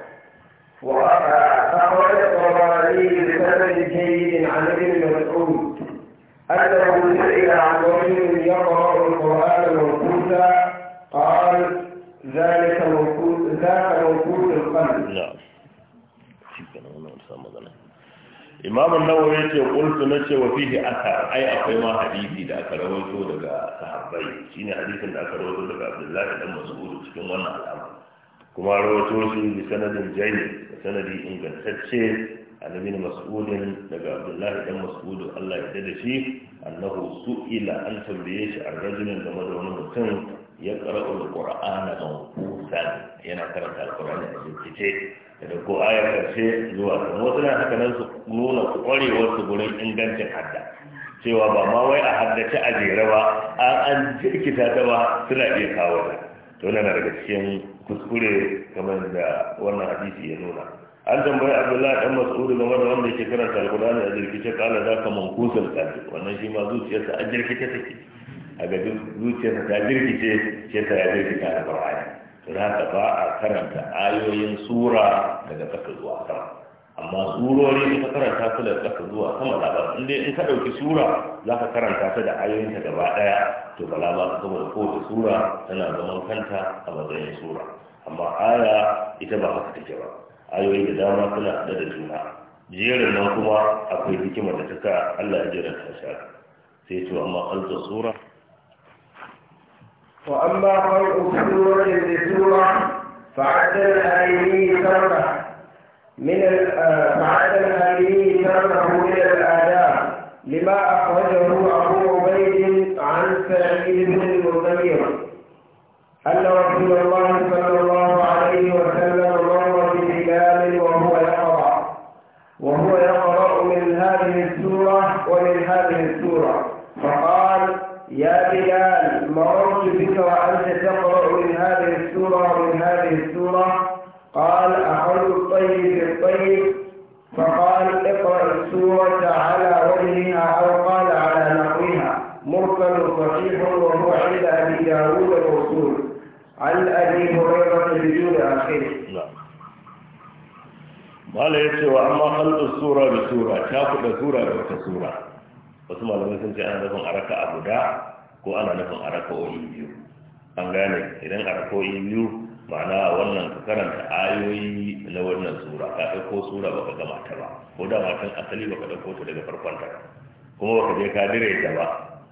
وأخرج الطبراني بسند جيد عن ابن مسعود أنه سئل عن رجل يقرأ القرآن منقوسا قال ذلك موجود ذاك موجود القلب نعم imam an-nawawi yace qultu nace wa fihi athar ai akwai ma hadisi da aka rawaito daga sahabbai shine hadisin da aka rawaito daga Abdullahi dan Mas'ud cikin wannan al'amari kuma rawaito shi bi sanadin da sanadi ingantacce annabi Mas'ud daga Abdullahi dan Mas'ud Allah ya da shi annahu su'ila an tambaye shi ar-rajulun game da wani mutum ya ƙura'ana don mankusan yana karanta alƙura'ana a rikice da ko ayar karshe zuwa kan wasu na haka nan su nuna ƙwarewarsu gurin ingancin hadda cewa ba ma wai a haddace a jere ba an an jirkita ta ba suna iya kawo ta to na daga cikin kuskure kamar da wannan hadisi ya nuna an tambayi abdullahi dan mas'ud game da wanda yake karanta alƙura'ana a jirkice kala ka mankusan kaji wannan shi ma zuciyarsa an jirkita take a ga zuciyarsa ta jirgice ce ta ya jirgita da qur'ani to da haka ba a karanta ayoyin sura daga ƙasa zuwa sama amma surori in ka karanta su daga ƙasa zuwa sama da ba in in ka ɗauki sura za ka karanta ta da ayoyinta gaba ɗaya to ba ba saboda kowace sura tana zaman kanta a matsayin sura amma aya ita ba haka take ba ayoyi da dama suna haɗe da juna jerin nan kuma akwai hikimar da ta sa Allah ya jera ta sai to amma alta sura وأما قرء سورة لسورة فعد الآيين سرعه من آه، فعد الآيين سرعه من الآداب لما أخرجه أبو عبيد عن سعيد بن المزمر أن رسول الله صلى الله عليه وسلم مر بهلال وهو يقرأ وهو يقرأ من هذه السورة ومن هذه السورة يا بلال مررت بك وأنت تقرأ من هذه السورة ومن هذه السورة قال أخذ الطيب الطيب فقال اقرأ السورة على وجهها أو قال على نحوها مرسل صحيح وموحد أبي داود الرسول عن أبي هريرة بدون أخيه ما نعم. يا شيخ واما خلق السورة بسورة شافوا بسوره بسورة wasu malamai sun ce ana nufin a raka a guda ko ana nufin a raka raka'o'i biyu an gane idan a raka'o'i biyu ma'ana wannan ka karanta ayoyi na wannan sura ka ɗauko sura baka gama ta ba ko da matan asali baka ɗauko ta daga farkon ta kuma baka je ka dire ta ba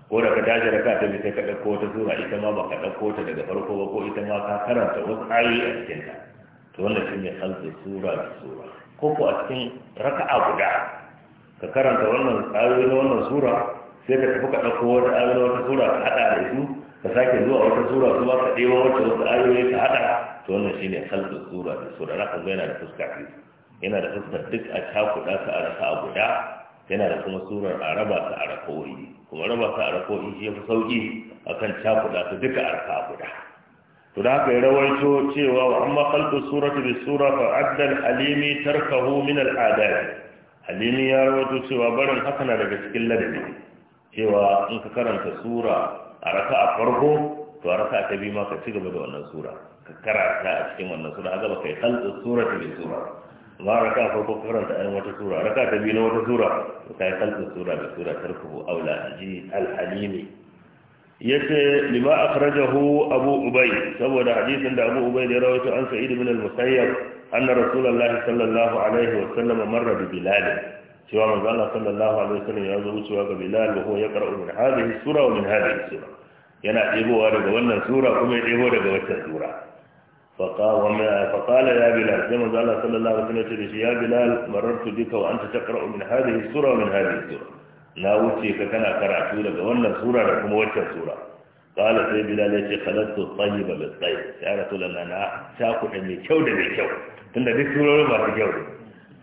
ko da ka tashi ka ta bi sai ka ɗauko wata sura ita ma baka ɗauko ta daga farko ba ko ita ma ka karanta wasu ayoyi a cikin ta to wannan shine halzu sura da sura ko ko a cikin raka'a guda ka karanta wannan ayoyi na wannan sura sai ka tafi ka ɗauko wata ayoyi na wata sura ka haɗa da su ka sake zuwa wata sura kuma ka ɗebo wata wasu ayoyi ka haɗa to wannan shine halƙin sura da sura za ka yana da fuska biyu yana da fuskar duk a cakuɗa ka a rasa a guda yana da kuma surar a raba ka a wuri kuma raba ka a wuri shi ya fi sauƙi kan cakuɗa ka duka a rasa a guda to da haka ya rawaito cewa wa amma khalqu surati bi sura fa al-halimi tarkahu min al halimi ya rawaito cewa barin haka na daga cikin ladabi cewa in ka karanta sura a raka a farko to a raka ta biyu ma ka ci gaba da wannan sura ka karanta a cikin wannan sura haka gaba kai halin sura ta biyu sura amma a raka a farko ka karanta ayin wata sura a raka ta biyu na wata sura to ka yi halin sura da sura tarkubu aula aji alhalimi Ya yace lima akhrajahu abu ubay saboda hadisin da abu ubay ya rawaito an sa'id ibn al-musayyab anna rasulullahi sallallahu alaihi wa sallam marra bi bilal cewa manzo Allah sallallahu alaihi wa sallam ya zo cewa ga bilal wa huwa yaqra'u min hadhihi sura wa min hadhihi sura yana ɗebowa daga wannan sura kuma ya ɗebo daga wata sura فقال يا بلال كما قال صلى الله عليه وسلم يا بلال مررت بك وأنت تقرأ من هذه السورة ومن هذه السورة na wuce ka kana karatu daga wannan sura da kuma waccan sura qala sai bilal ya ce khalaqtu tayyiba bil tayyib ya rasulullah na ta da mai kyau da mai kyau tunda duk surorin ba su kyau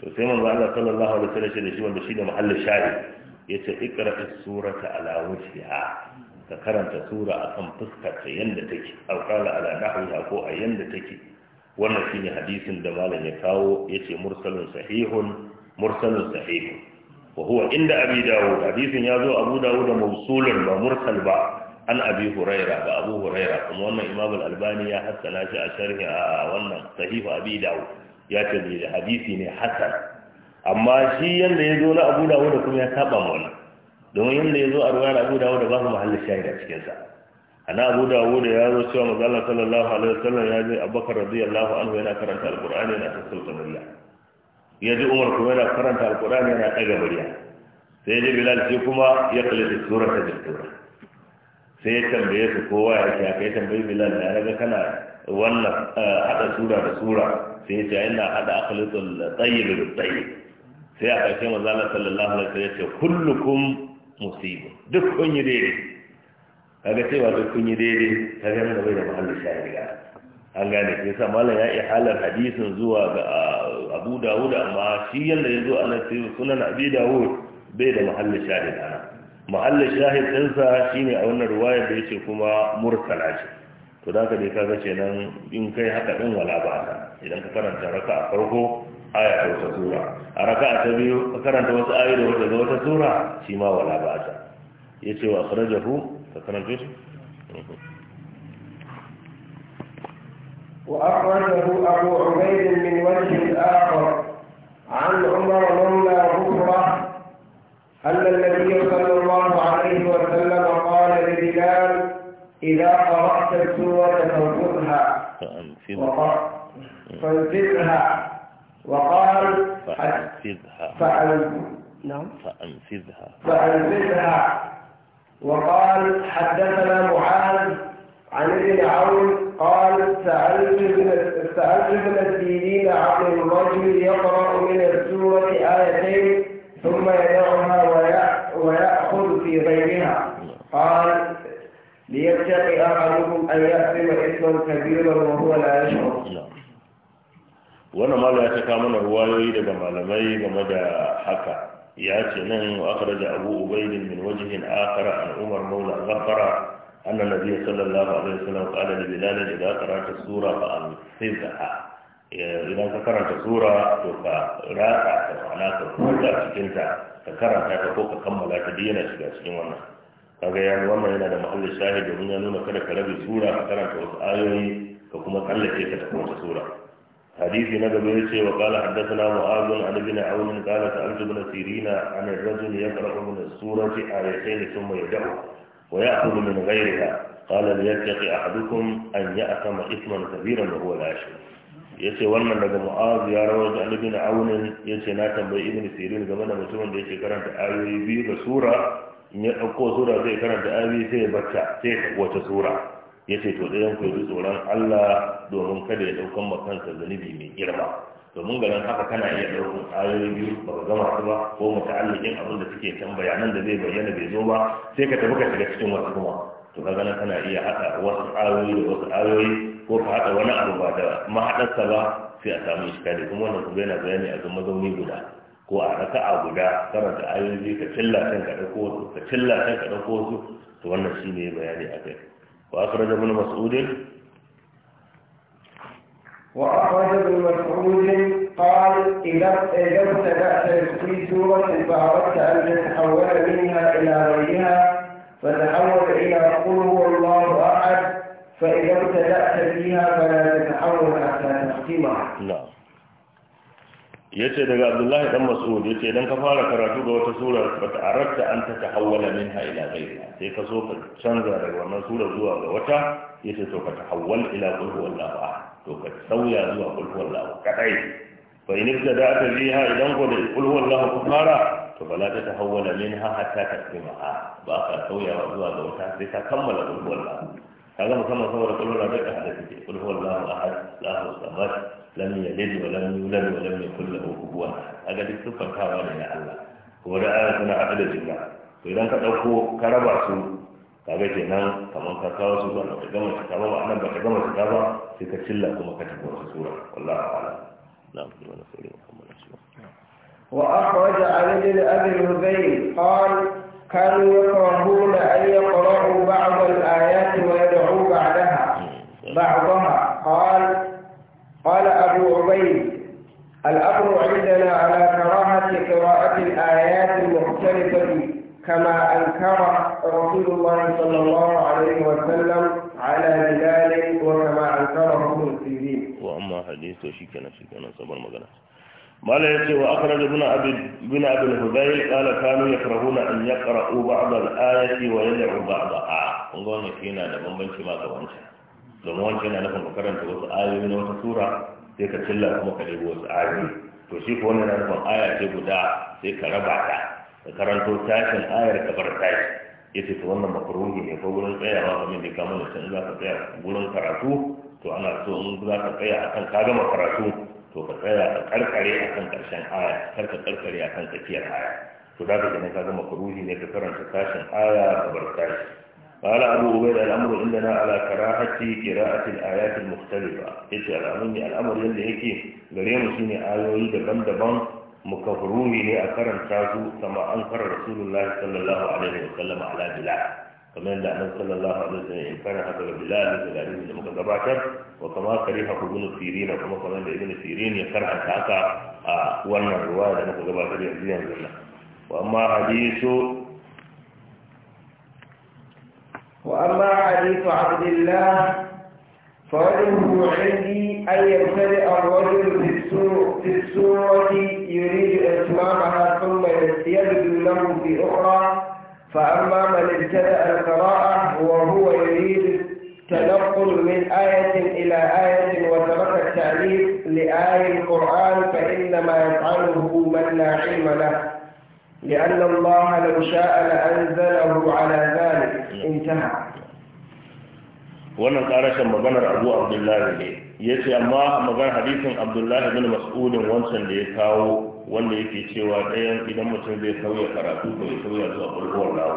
to sai manzo Allah sallallahu alaihi wasallam shi wanda shi da mahallin shahi yace ikra as-surata ala wajhiha ka karanta sura kan fuskar ta yanda take aw qala ala nahwiha ko a yanda take wannan shine hadisin da malam ya kawo yace mursalun sahihun mursalun sahihun wa huwa inda abi hadisin ya zo abu dawud mawsulun ba mursal ba an abi huraira ba abu huraira kuma wannan imam al-albani ya hassana shi a sharhi a wannan sahihu abi dawud ya ce da hadisi ne hasan amma shi yanda ya zo na abu dawud kuma ya saba mu domin yanda ya zo a ruwayar abu dawud ba mu mahallin shahida cikin sa ana abu ya zo cewa manzo sallallahu alaihi wasallam ya je abubakar radiyallahu anhu yana karanta alqur'ani yana tafsirin Allah ya ji umar kuma yana karanta alkur'ani yana ɗaga murya sai ji bilal sai kuma ya kalli sura ta jirtura sai ya tambaye su kowa ya ce aka ya tambayi bilal ya raga kana wannan eh, haɗa sura da sura sai ya ce yana haɗa akalitul tsayyib da tsayi sai a ƙarshe manzo sallallahu alaihi wasallam ya ce kullukum musibu duk kun yi daidai kaga cewa duk kun yi daidai Ta gani da bai da mahallin shari'a an gane ke sa malam ya halar hadisin zuwa ga abu dawud amma shi yanda ya zo ana ce sunan abi dawud bai da mahallin shahid ana mahallin shahid ɗinsa shine a wannan ruwaya da yake kuma mursala ce to da ka dai ga kenan in kai haka din wala ba ta idan ka karanta raka a farko aya ta wata sura a raka ta biyu ka karanta wasu ayoyi da wata wata sura shi ma wala ba ta yace wa akhrajahu ka karanta shi mhm. وأخرجه أبو عبيد من وجه آخر عن عمر مولى بكرة أن النبي صلى الله عليه وسلم قال لبلال إذا قرأت السورة فانفذها فانفذها وقال فأنفذها فأنفذها نعم. فأنفذها وقال حدثنا معاذ عن ابن عون قال سألت من من السيرين عن الرجل يقرأ من السورة آيتين ثم يدعها ويأخذ في غيرها قال ليتقي أحدكم أن يأثم إثما كبيرا وهو لا يشعر wannan malam ya taka mana ruwayoyi daga malamai game da haka ya ce nan من وجه abu عن min wajhin akhar maula أن النبي صلى الله عليه وسلم قال لبلال إذا قرأت السورة فأمسكها idan ka karanta sura to ka ratsa ta ma'ana ka kuta ka karanta ta ko ka kammala ta duk yana shiga cikin wannan kaga ya wannan yana da mahallin shahid domin ya nuna kada ka rabe sura ka karanta wasu ayoyi ka kuma tsallake ka ta sura hadisi na gaba yace wa qala haddathana mu'adh an ibn aun qala sa'altu ibn sirina an ar-rajul yaqra'u min as-surati ayatayn thumma yad'u ويأكل من غيرها قال ليتقي أحدكم أن يأثم إثما كبيرا وهو لا يشعر yace wannan daga mu'az ya rawar da Ali aunin. yace na tambayi Ibn Sirin game da mutumin da yake karanta ayoyi biyu da sura in ya dauko sura zai karanta ayoyi sai ya bacca sai ya wata sura yace to dayan ku ji tsoron Allah domin kada ya ma makansa zunubi mai girma domin ganin haka kana iya ɗaukar ayoyi biyu ba ka gama su ba ko muta'allikin abin da suke can bayanan da zai bayyana bai zo ba sai ka tafi ka shiga cikin wasu kuma to ka ganin kana iya haɗa wasu ayoyi da wasu ayoyi ko ka haɗa wani abu ba da mahaɗarsa ba sai a samu iskali kuma wannan kuma yana bayani a zama zauni guda ko a a guda karanta ayoyi ka cilla kan ka dauko wasu ka cilla kan ka dauko wasu to wannan shine bayani akai wa akhraj ibn mas'ud وأخرج ابن مسعود قال إذا إذا ابتدأت في سورة فأردت أن تتحول منها إلى غيرها فتحول إلى قل هو الله أحد فإذا ابتدأت فيها فلا تتحول حتى تختمها. نعم. yace daga abdullahi dan mas'ud yace idan ka fara karatu ga wata sura bata aratta an ta tahawwala minha ila ghayriha sai ka so ka canza daga wannan sura zuwa ga wata yace to ka tahawwal ila qul huwallahu ahad to ka sauya zuwa qul huwallahu kadai fa in ibtada'ta biha idan ko da qul huwallahu kufara to bala ta tahawwala minha hatta taslimaha ba ka sauya zuwa ga wata sai ka kammala qul huwallahu kaga musamman saboda qul huwallahu ahad qul huwallahu ahad lahu samad لم يلد ولم يولد ولم يكن له كفوا kaga duk siffantawa ne na Allah ko da aya suna haɗu da juna to idan ka ɗauko ka raba su kaga kenan kamar ka kawo su ba ta gama cika ba ma'anar ba ta gama cika ba sai ka cilla kuma ka tafi wasu sura wallahu a'ala na'am wa nasuri muhammad وأخرج عن ابن أبي الهذيل قال كانوا يكرهون أن يقرأوا بعض الآيات ويدعوا بعدها بعضها قال قال أبو عبيد الأمر عندنا على كراهة قراءة الآيات المختلفة كما أنكر رسول الله صلى الله عليه وسلم على بلال وكما أنكره المسلمين. وأما حديث شكنا أنا صبر مغنى قال يأتي وأخرج ابن أبي بن أبي الهذيل قال كانوا يكرهون أن يقرأوا بعض الآية ويدعوا بعضها. آه. والله فينا ده من ما تبغى domin wancan yana nufin ka karanta wasu ayoyi na wata sura sai ka cilla kuma ka ɗebo wasu ayoyi to shi ko wannan yana nufin aya ce guda sai ka raba ta ka karanto tashin ayar ka bar tashi ya ce ta wannan makaruhi ne ko wurin tsayawa kamar da kamar da can za ka tsaya wurin karatu to ana so in za ka tsaya akan ka gama karatu to ka tsaya ka karkare akan karshen aya kar ka karkare akan tsakiyar aya to za ka gane ka gama kuruhi ne ka karanta tashin aya ka bar tashi قال أبو عبيد الأمر عندنا على كراهتي كراءة الآيات المختلفة إيش أرامني الأمر يلي هيك غريم سيني آيوي دبن دبن مكفروني لأكرم تاسو كما أنكر رسول الله صلى الله عليه وسلم على بلاد kamar da annabi sallallahu alaihi wasallam ya fara haka da bilal da galibi da muka gabatar wa kama kariha ibn sirin kuma kamar da ibn sirin ya fara haka a wannan ruwa da muka gabatar yanzu yanzu wa amma hadisu وأما حديث عبد الله فوجهه عندي أن يبتدئ الرجل في السورة, في السورة يريد إتمامها ثم يبدو له في أخرى فأما من ابتدأ القراءة وهو يريد التنقل من آية إلى آية وترك التعليق لآي القرآن فإنما يفعله من لا علم له لأن الله لو شاء لأنزله على ذلك انتهى wannan karashin maganar abu abdullahi ne ya ce amma maganar hadisin abdullahi bin mas'udin wancan da ya kawo wanda yake cewa ɗayan idan mutum zai sauya karatu ko ya sauya zuwa bulhuwar lawo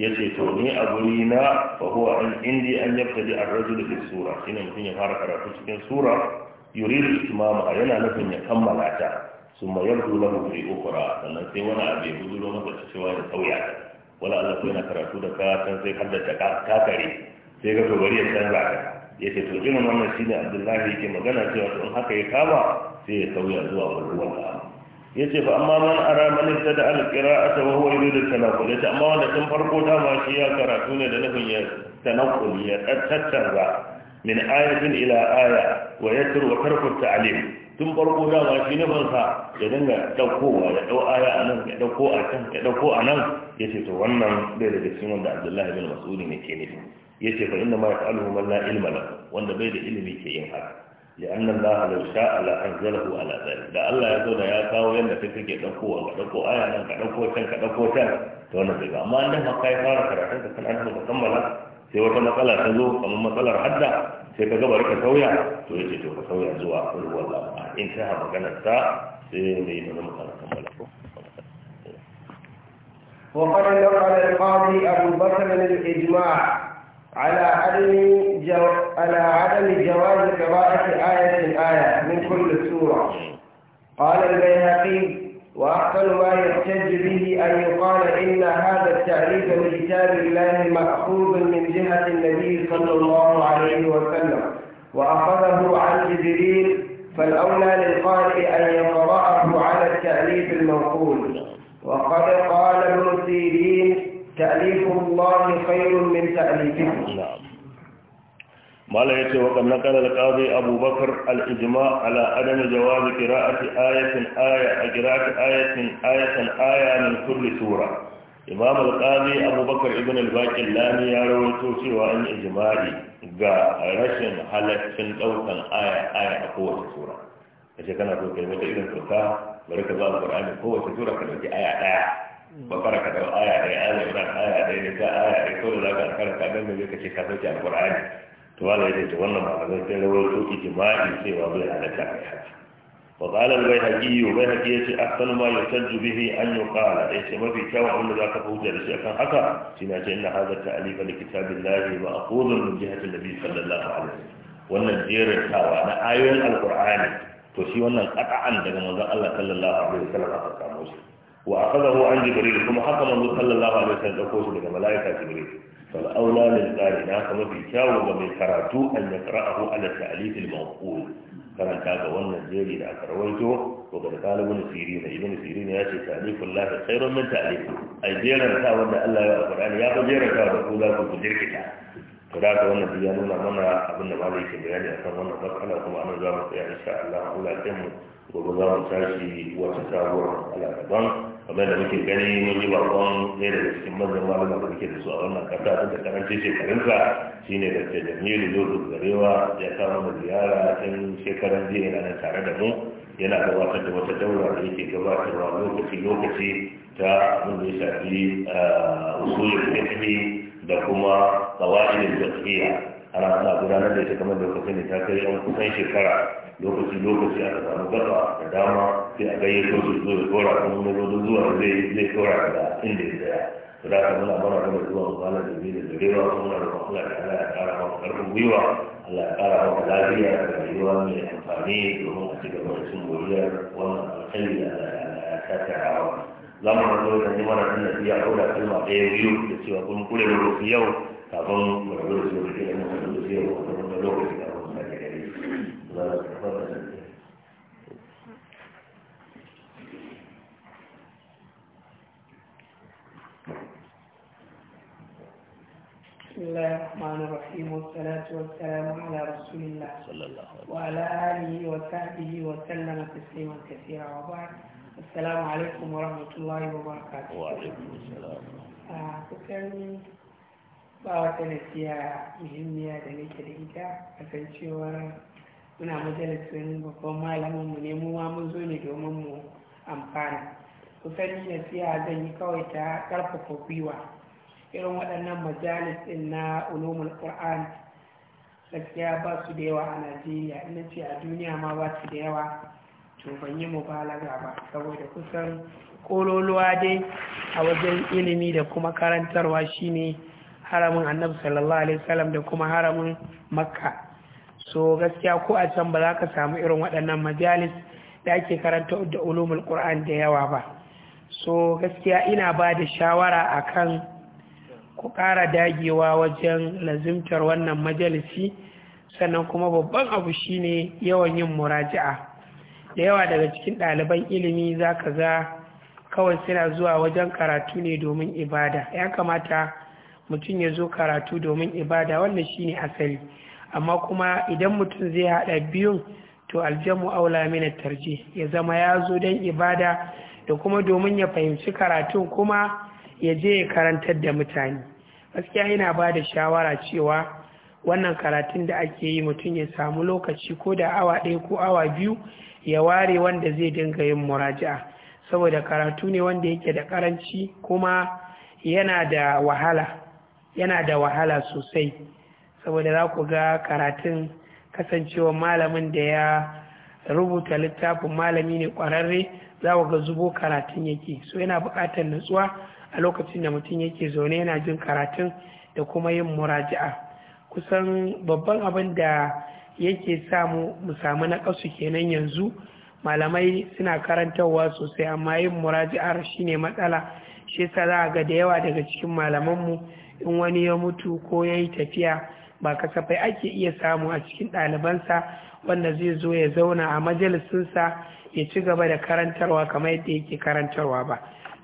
ya ce to ni a guri na fa huwa an indi an yabtadi ar-rajulu fi sura shine mutum ya fara karatu cikin sura da itmama yana nufin ya kammala ta summa yabdu lahu fi ukhra sannan sai wani abu ya bujuro masa cewa ya sauya wala Allah ko yana karatu da kaya san sai haddace ka takare sai ga bari ya canza ka ya ce to irin wannan shine Abdullahi yake magana cewa to in haka ya kama sai ya sauya zuwa wani wanda yace ce fa amma man ara man ibtada al qira'ata wa huwa yuridu tanaqqul yace amma wanda tun farko dama shi ya karatu ne da nufin ya tanaqqul ya tattauna min ayatin ila aya wa yatru wa tarku ta'lim tun farko da ba shi nufin sa ya dinga daukowa ya dau aya a nan ya dauko a can ya dauko a nan yace to wannan bai daga cikin wanda Abdullahi bin Mas'ud ne ke nufi yace fa inna ma ya'lamu man la ilma lahu wanda bai da ilimi ke yin haka لأن الله لو شاء لأنزله على ذلك da Allah ya zo da ya kawo yadda kai kake ɗaukowa ga ɗauko nan ka ɗauko can ka ɗauko can to wannan ba amma haka ya fara karatun ka kana kammala sai wata matsala ta zo kamar matsalar hadda sai ka gaba ka sauya to yace to ka sauya zuwa ulwal in ta magana ta sai mai mana kammala ko وقد نقل القاضي أبو بكر الإجماع على عدم جو... على عدم جواز قراءة آية آية من كل سورة قال البيهقي وأحسن ما يحتج به أن يقال إن هذا التعريف من كتاب الله مأخوذ من جهة النبي صلى الله عليه وسلم وأخذه عن جبريل فالأولى للقارئ أن يقرأه على التأليف المنقول وقد قال ابن سيرين تأليف الله خير من تأليفه نعم. mala ya ce waɗanda ƙarar ƙazi abubakar al'ijima ala adana jawabi ƙira'ati ayatin aya a ƙira'ati ayatin ayatan aya min kulli sura imam al-qazi abubakar ibn al-baqir lami ya rawaito cewa an yi ga rashin halaccin ɗaukan aya aya a kowace sura kace kana so kai wata irin sauka bari ka zuwa qur'ani kowace sura ka dauki aya ɗaya bakara ka dau aya ɗaya ala ibn aya ɗaya ne ka aya ɗaya ko za ka karanta dan me ka ce ka dauki al-qur'ani to wala yake wannan malamai sai rawaito ijma'i cewa bai halatta kai haji wa qala al-bayhaqi wa bayhaqi yace ahsanu ma yusajju bihi an yuqala yace mafi kyawun abin da zaka hujja da shi akan haka shi shine ce inna hadha ta'lifa li kitabillahi wa aqulu min da biyu sallallahu alaihi wasallam wannan jeratawa na ayoyin alqur'ani to shi wannan qata'an daga manzon Allah sallallahu alaihi wasallam aka samu shi wa akhadahu an jibril kuma haka manzon sallallahu alaihi wasallam dauko shi daga malaika jibril فالأولى للقارئ هناك ما في كاو ومن كراتو أن يقرأه على التأليف المنقول كان كاغا wannan jeri da aka rawaito to ga kalibin da ibn sirri ya ce ta'liful lahi khairun min ta'lif ai jeran ta wanda Allah ya Qur'ani ya ga jeran ta da kula ku jirkita to da wannan ya nuna mana abin da malai yake bayani akan wannan matsala kuma an za mu tsaya insha Allah Allah mu gobe zamu mu tashi wata sabuwar Allah daban kamar da muke gani mun yi bakon ɗaya daga cikin mazan malama da muke da su a wannan ƙasa duk da karanci shekarunsa ne da ke jamilu zuwa garewa ya samu mu ziyara tun shekaran jiya yana nan tare da mu yana gabatar da wata daura da yake gabatarwa lokaci lokaci ta abin da ya shafi ah, usulul da kuma qawaidul fiqhiyya ana ana gudanar da ita kamar da kuka sani ta kai an kusan shekara lokacin lokaci aka samu gaba da dama sai a gayyar su zo da kora kuma wani rodo zuwa zai zai kora da inda ya tsaya to da aka muna mana gaba zuwa mu kala da biyu da zurewa kuma muna da Allah da Allah ya kara maka karfin gwiwa Allah ya kara maka lafiya da rayuwa mai amfani domin a ci gaba da cin goriyar wannan alkhairi da ya sake rawa za mu rasu da ne mana tun da ko da kalma ɗaya biyu da cewa kun kure da rufi yau kafin mu rabu da su da ke da mu da su yau a da lokaci kafin mu sake gari. بسم الله الرحمن الرحيم والصلاة والسلام على رسول الله صلى الله عليه وعلى آله وصحبه وسلم تسليما كثيرا وبعد السلام عليكم ورحمة الله وبركاته وعليكم السلام ba wata nasiya muhimmiya da nake da ita a kan cewa muna majalisun babban malaminmu ne mu ma mun zo ne domin mu amfana kusan nasiya zan yi kawai ta karfafa gwiwa irin waɗannan majalis ɗin na ulumul qur'an gaskiya ba su da yawa a najeriya ina ce a duniya ma ba su da yawa to ban yi mubalaga ba saboda kusan kololuwa dai a wajen ilimi da kuma karantarwa shine haramin annabi sallallahu alaihi wasallam da kuma haramin makka so gaskiya ko a can ba za ka samu irin waɗannan majalis da ake karanta da ulumul qur'an da yawa ba so gaskiya ina ba da shawara akan ku ƙara dagewa wajen lazimtar wannan majalisi sannan kuma babban abu shine yawan yin muraja'a da yawa daga cikin ɗaliban ilimi za ka ga kawai suna zuwa wajen karatu ne domin ibada ya kamata mutum ya zo karatu domin ibada wannan shine asali amma kuma idan mutum zai haɗa biyun to aljamu aula mina tarje ya zama ya zo don ibada da kuma domin ya fahimci karatun kuma ya je ya karantar da mutane gaskiya yana ba da shawara cewa wannan karatun da ake yi mutum ya samu lokaci ko da awa ɗaya ko awa biyu ya ware wanda zai dinga yin muraja'a saboda karatu ne wanda yake da karanci kuma yana da wahala yana da wahala sosai saboda za ku ga karatun kasancewa malamin da ya rubuta littafin malami ne ƙwararre za ku ga zubo karatun yake so yana buƙatar natsuwa a lokacin da mutum yake zaune yana jin karatun da kuma yin muraji'a. kusan babban abin da yake samu mu samu na kasu kenan yanzu malamai suna karantarwa sosai amma yin muraji'ar shine matsala shi yasa za ga da yawa daga cikin malamanmu in wani ya mutu ko ya yi tafiya ba kasafai ake iya samu a cikin ɗalibansa wanda zai zo ya zauna a majalisinsa ya ci gaba da karantarwa kamar yadda yake karantarwa ba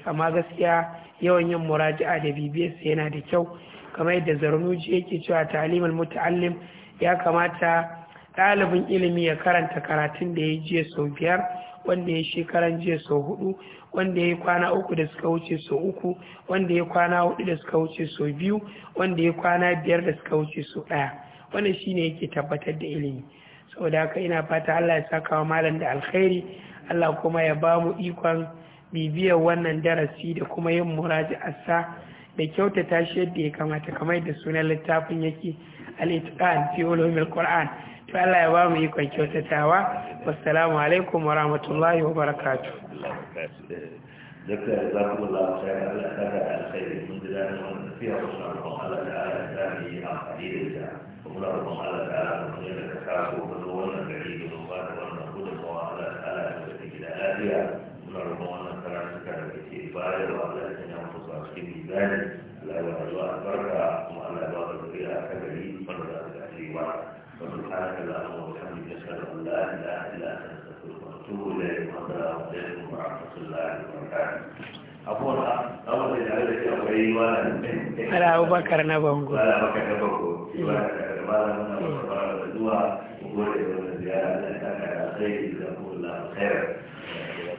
amma gaskiya yawan yin muraji'a da bibiyarsa yana da kyau kamar yadda zarnuji yake cewa talimul muta'allim ya kamata ɗalibin ilimi ya karanta karatun da ya jiya sau biyar wanda ya shekaran jiya sau hudu wanda ya kwana uku da suka wuce sau uku wanda ya kwana hudu da suka wuce sau biyu wanda ya kwana biyar da suka wuce sau ɗaya wannan shine yake tabbatar da ilimi saboda haka ina fata Allah ya saka wa malam da alkhairi Allah kuma ya ba mu ikon bibiyar wannan darasi da kuma yin muraji assa da kyautata shi yadda ya kamata kamar da sunan littafin yake al-itqan fi ulumil qur'an to Allah ya ba mu ikon kyautatawa wassalamu alaikum wa rahmatullahi wa barakatuh دكتور جزاكم الله خيرا على هذا الخير من بلاد فيها ربنا على تعالى ثاني قليل الجاه ومن ربنا على تعالى من غير تكاسل البعيد من بعد ومن هو تعالى التي لا albarka kuma Allah ba ka zuriya ta gari ka ce wa subhanaka allahumma wa bihamdika ashhadu an la ilaha illa anta astaghfiruka wa atubu ilayk wa wa rahmatullahi wa barakatuh Ala Abubakar na bango. Ala Abubakar na bango. Zuwa gode da ziyara da ta sai da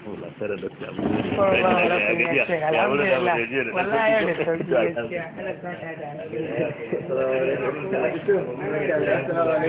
tara da ta da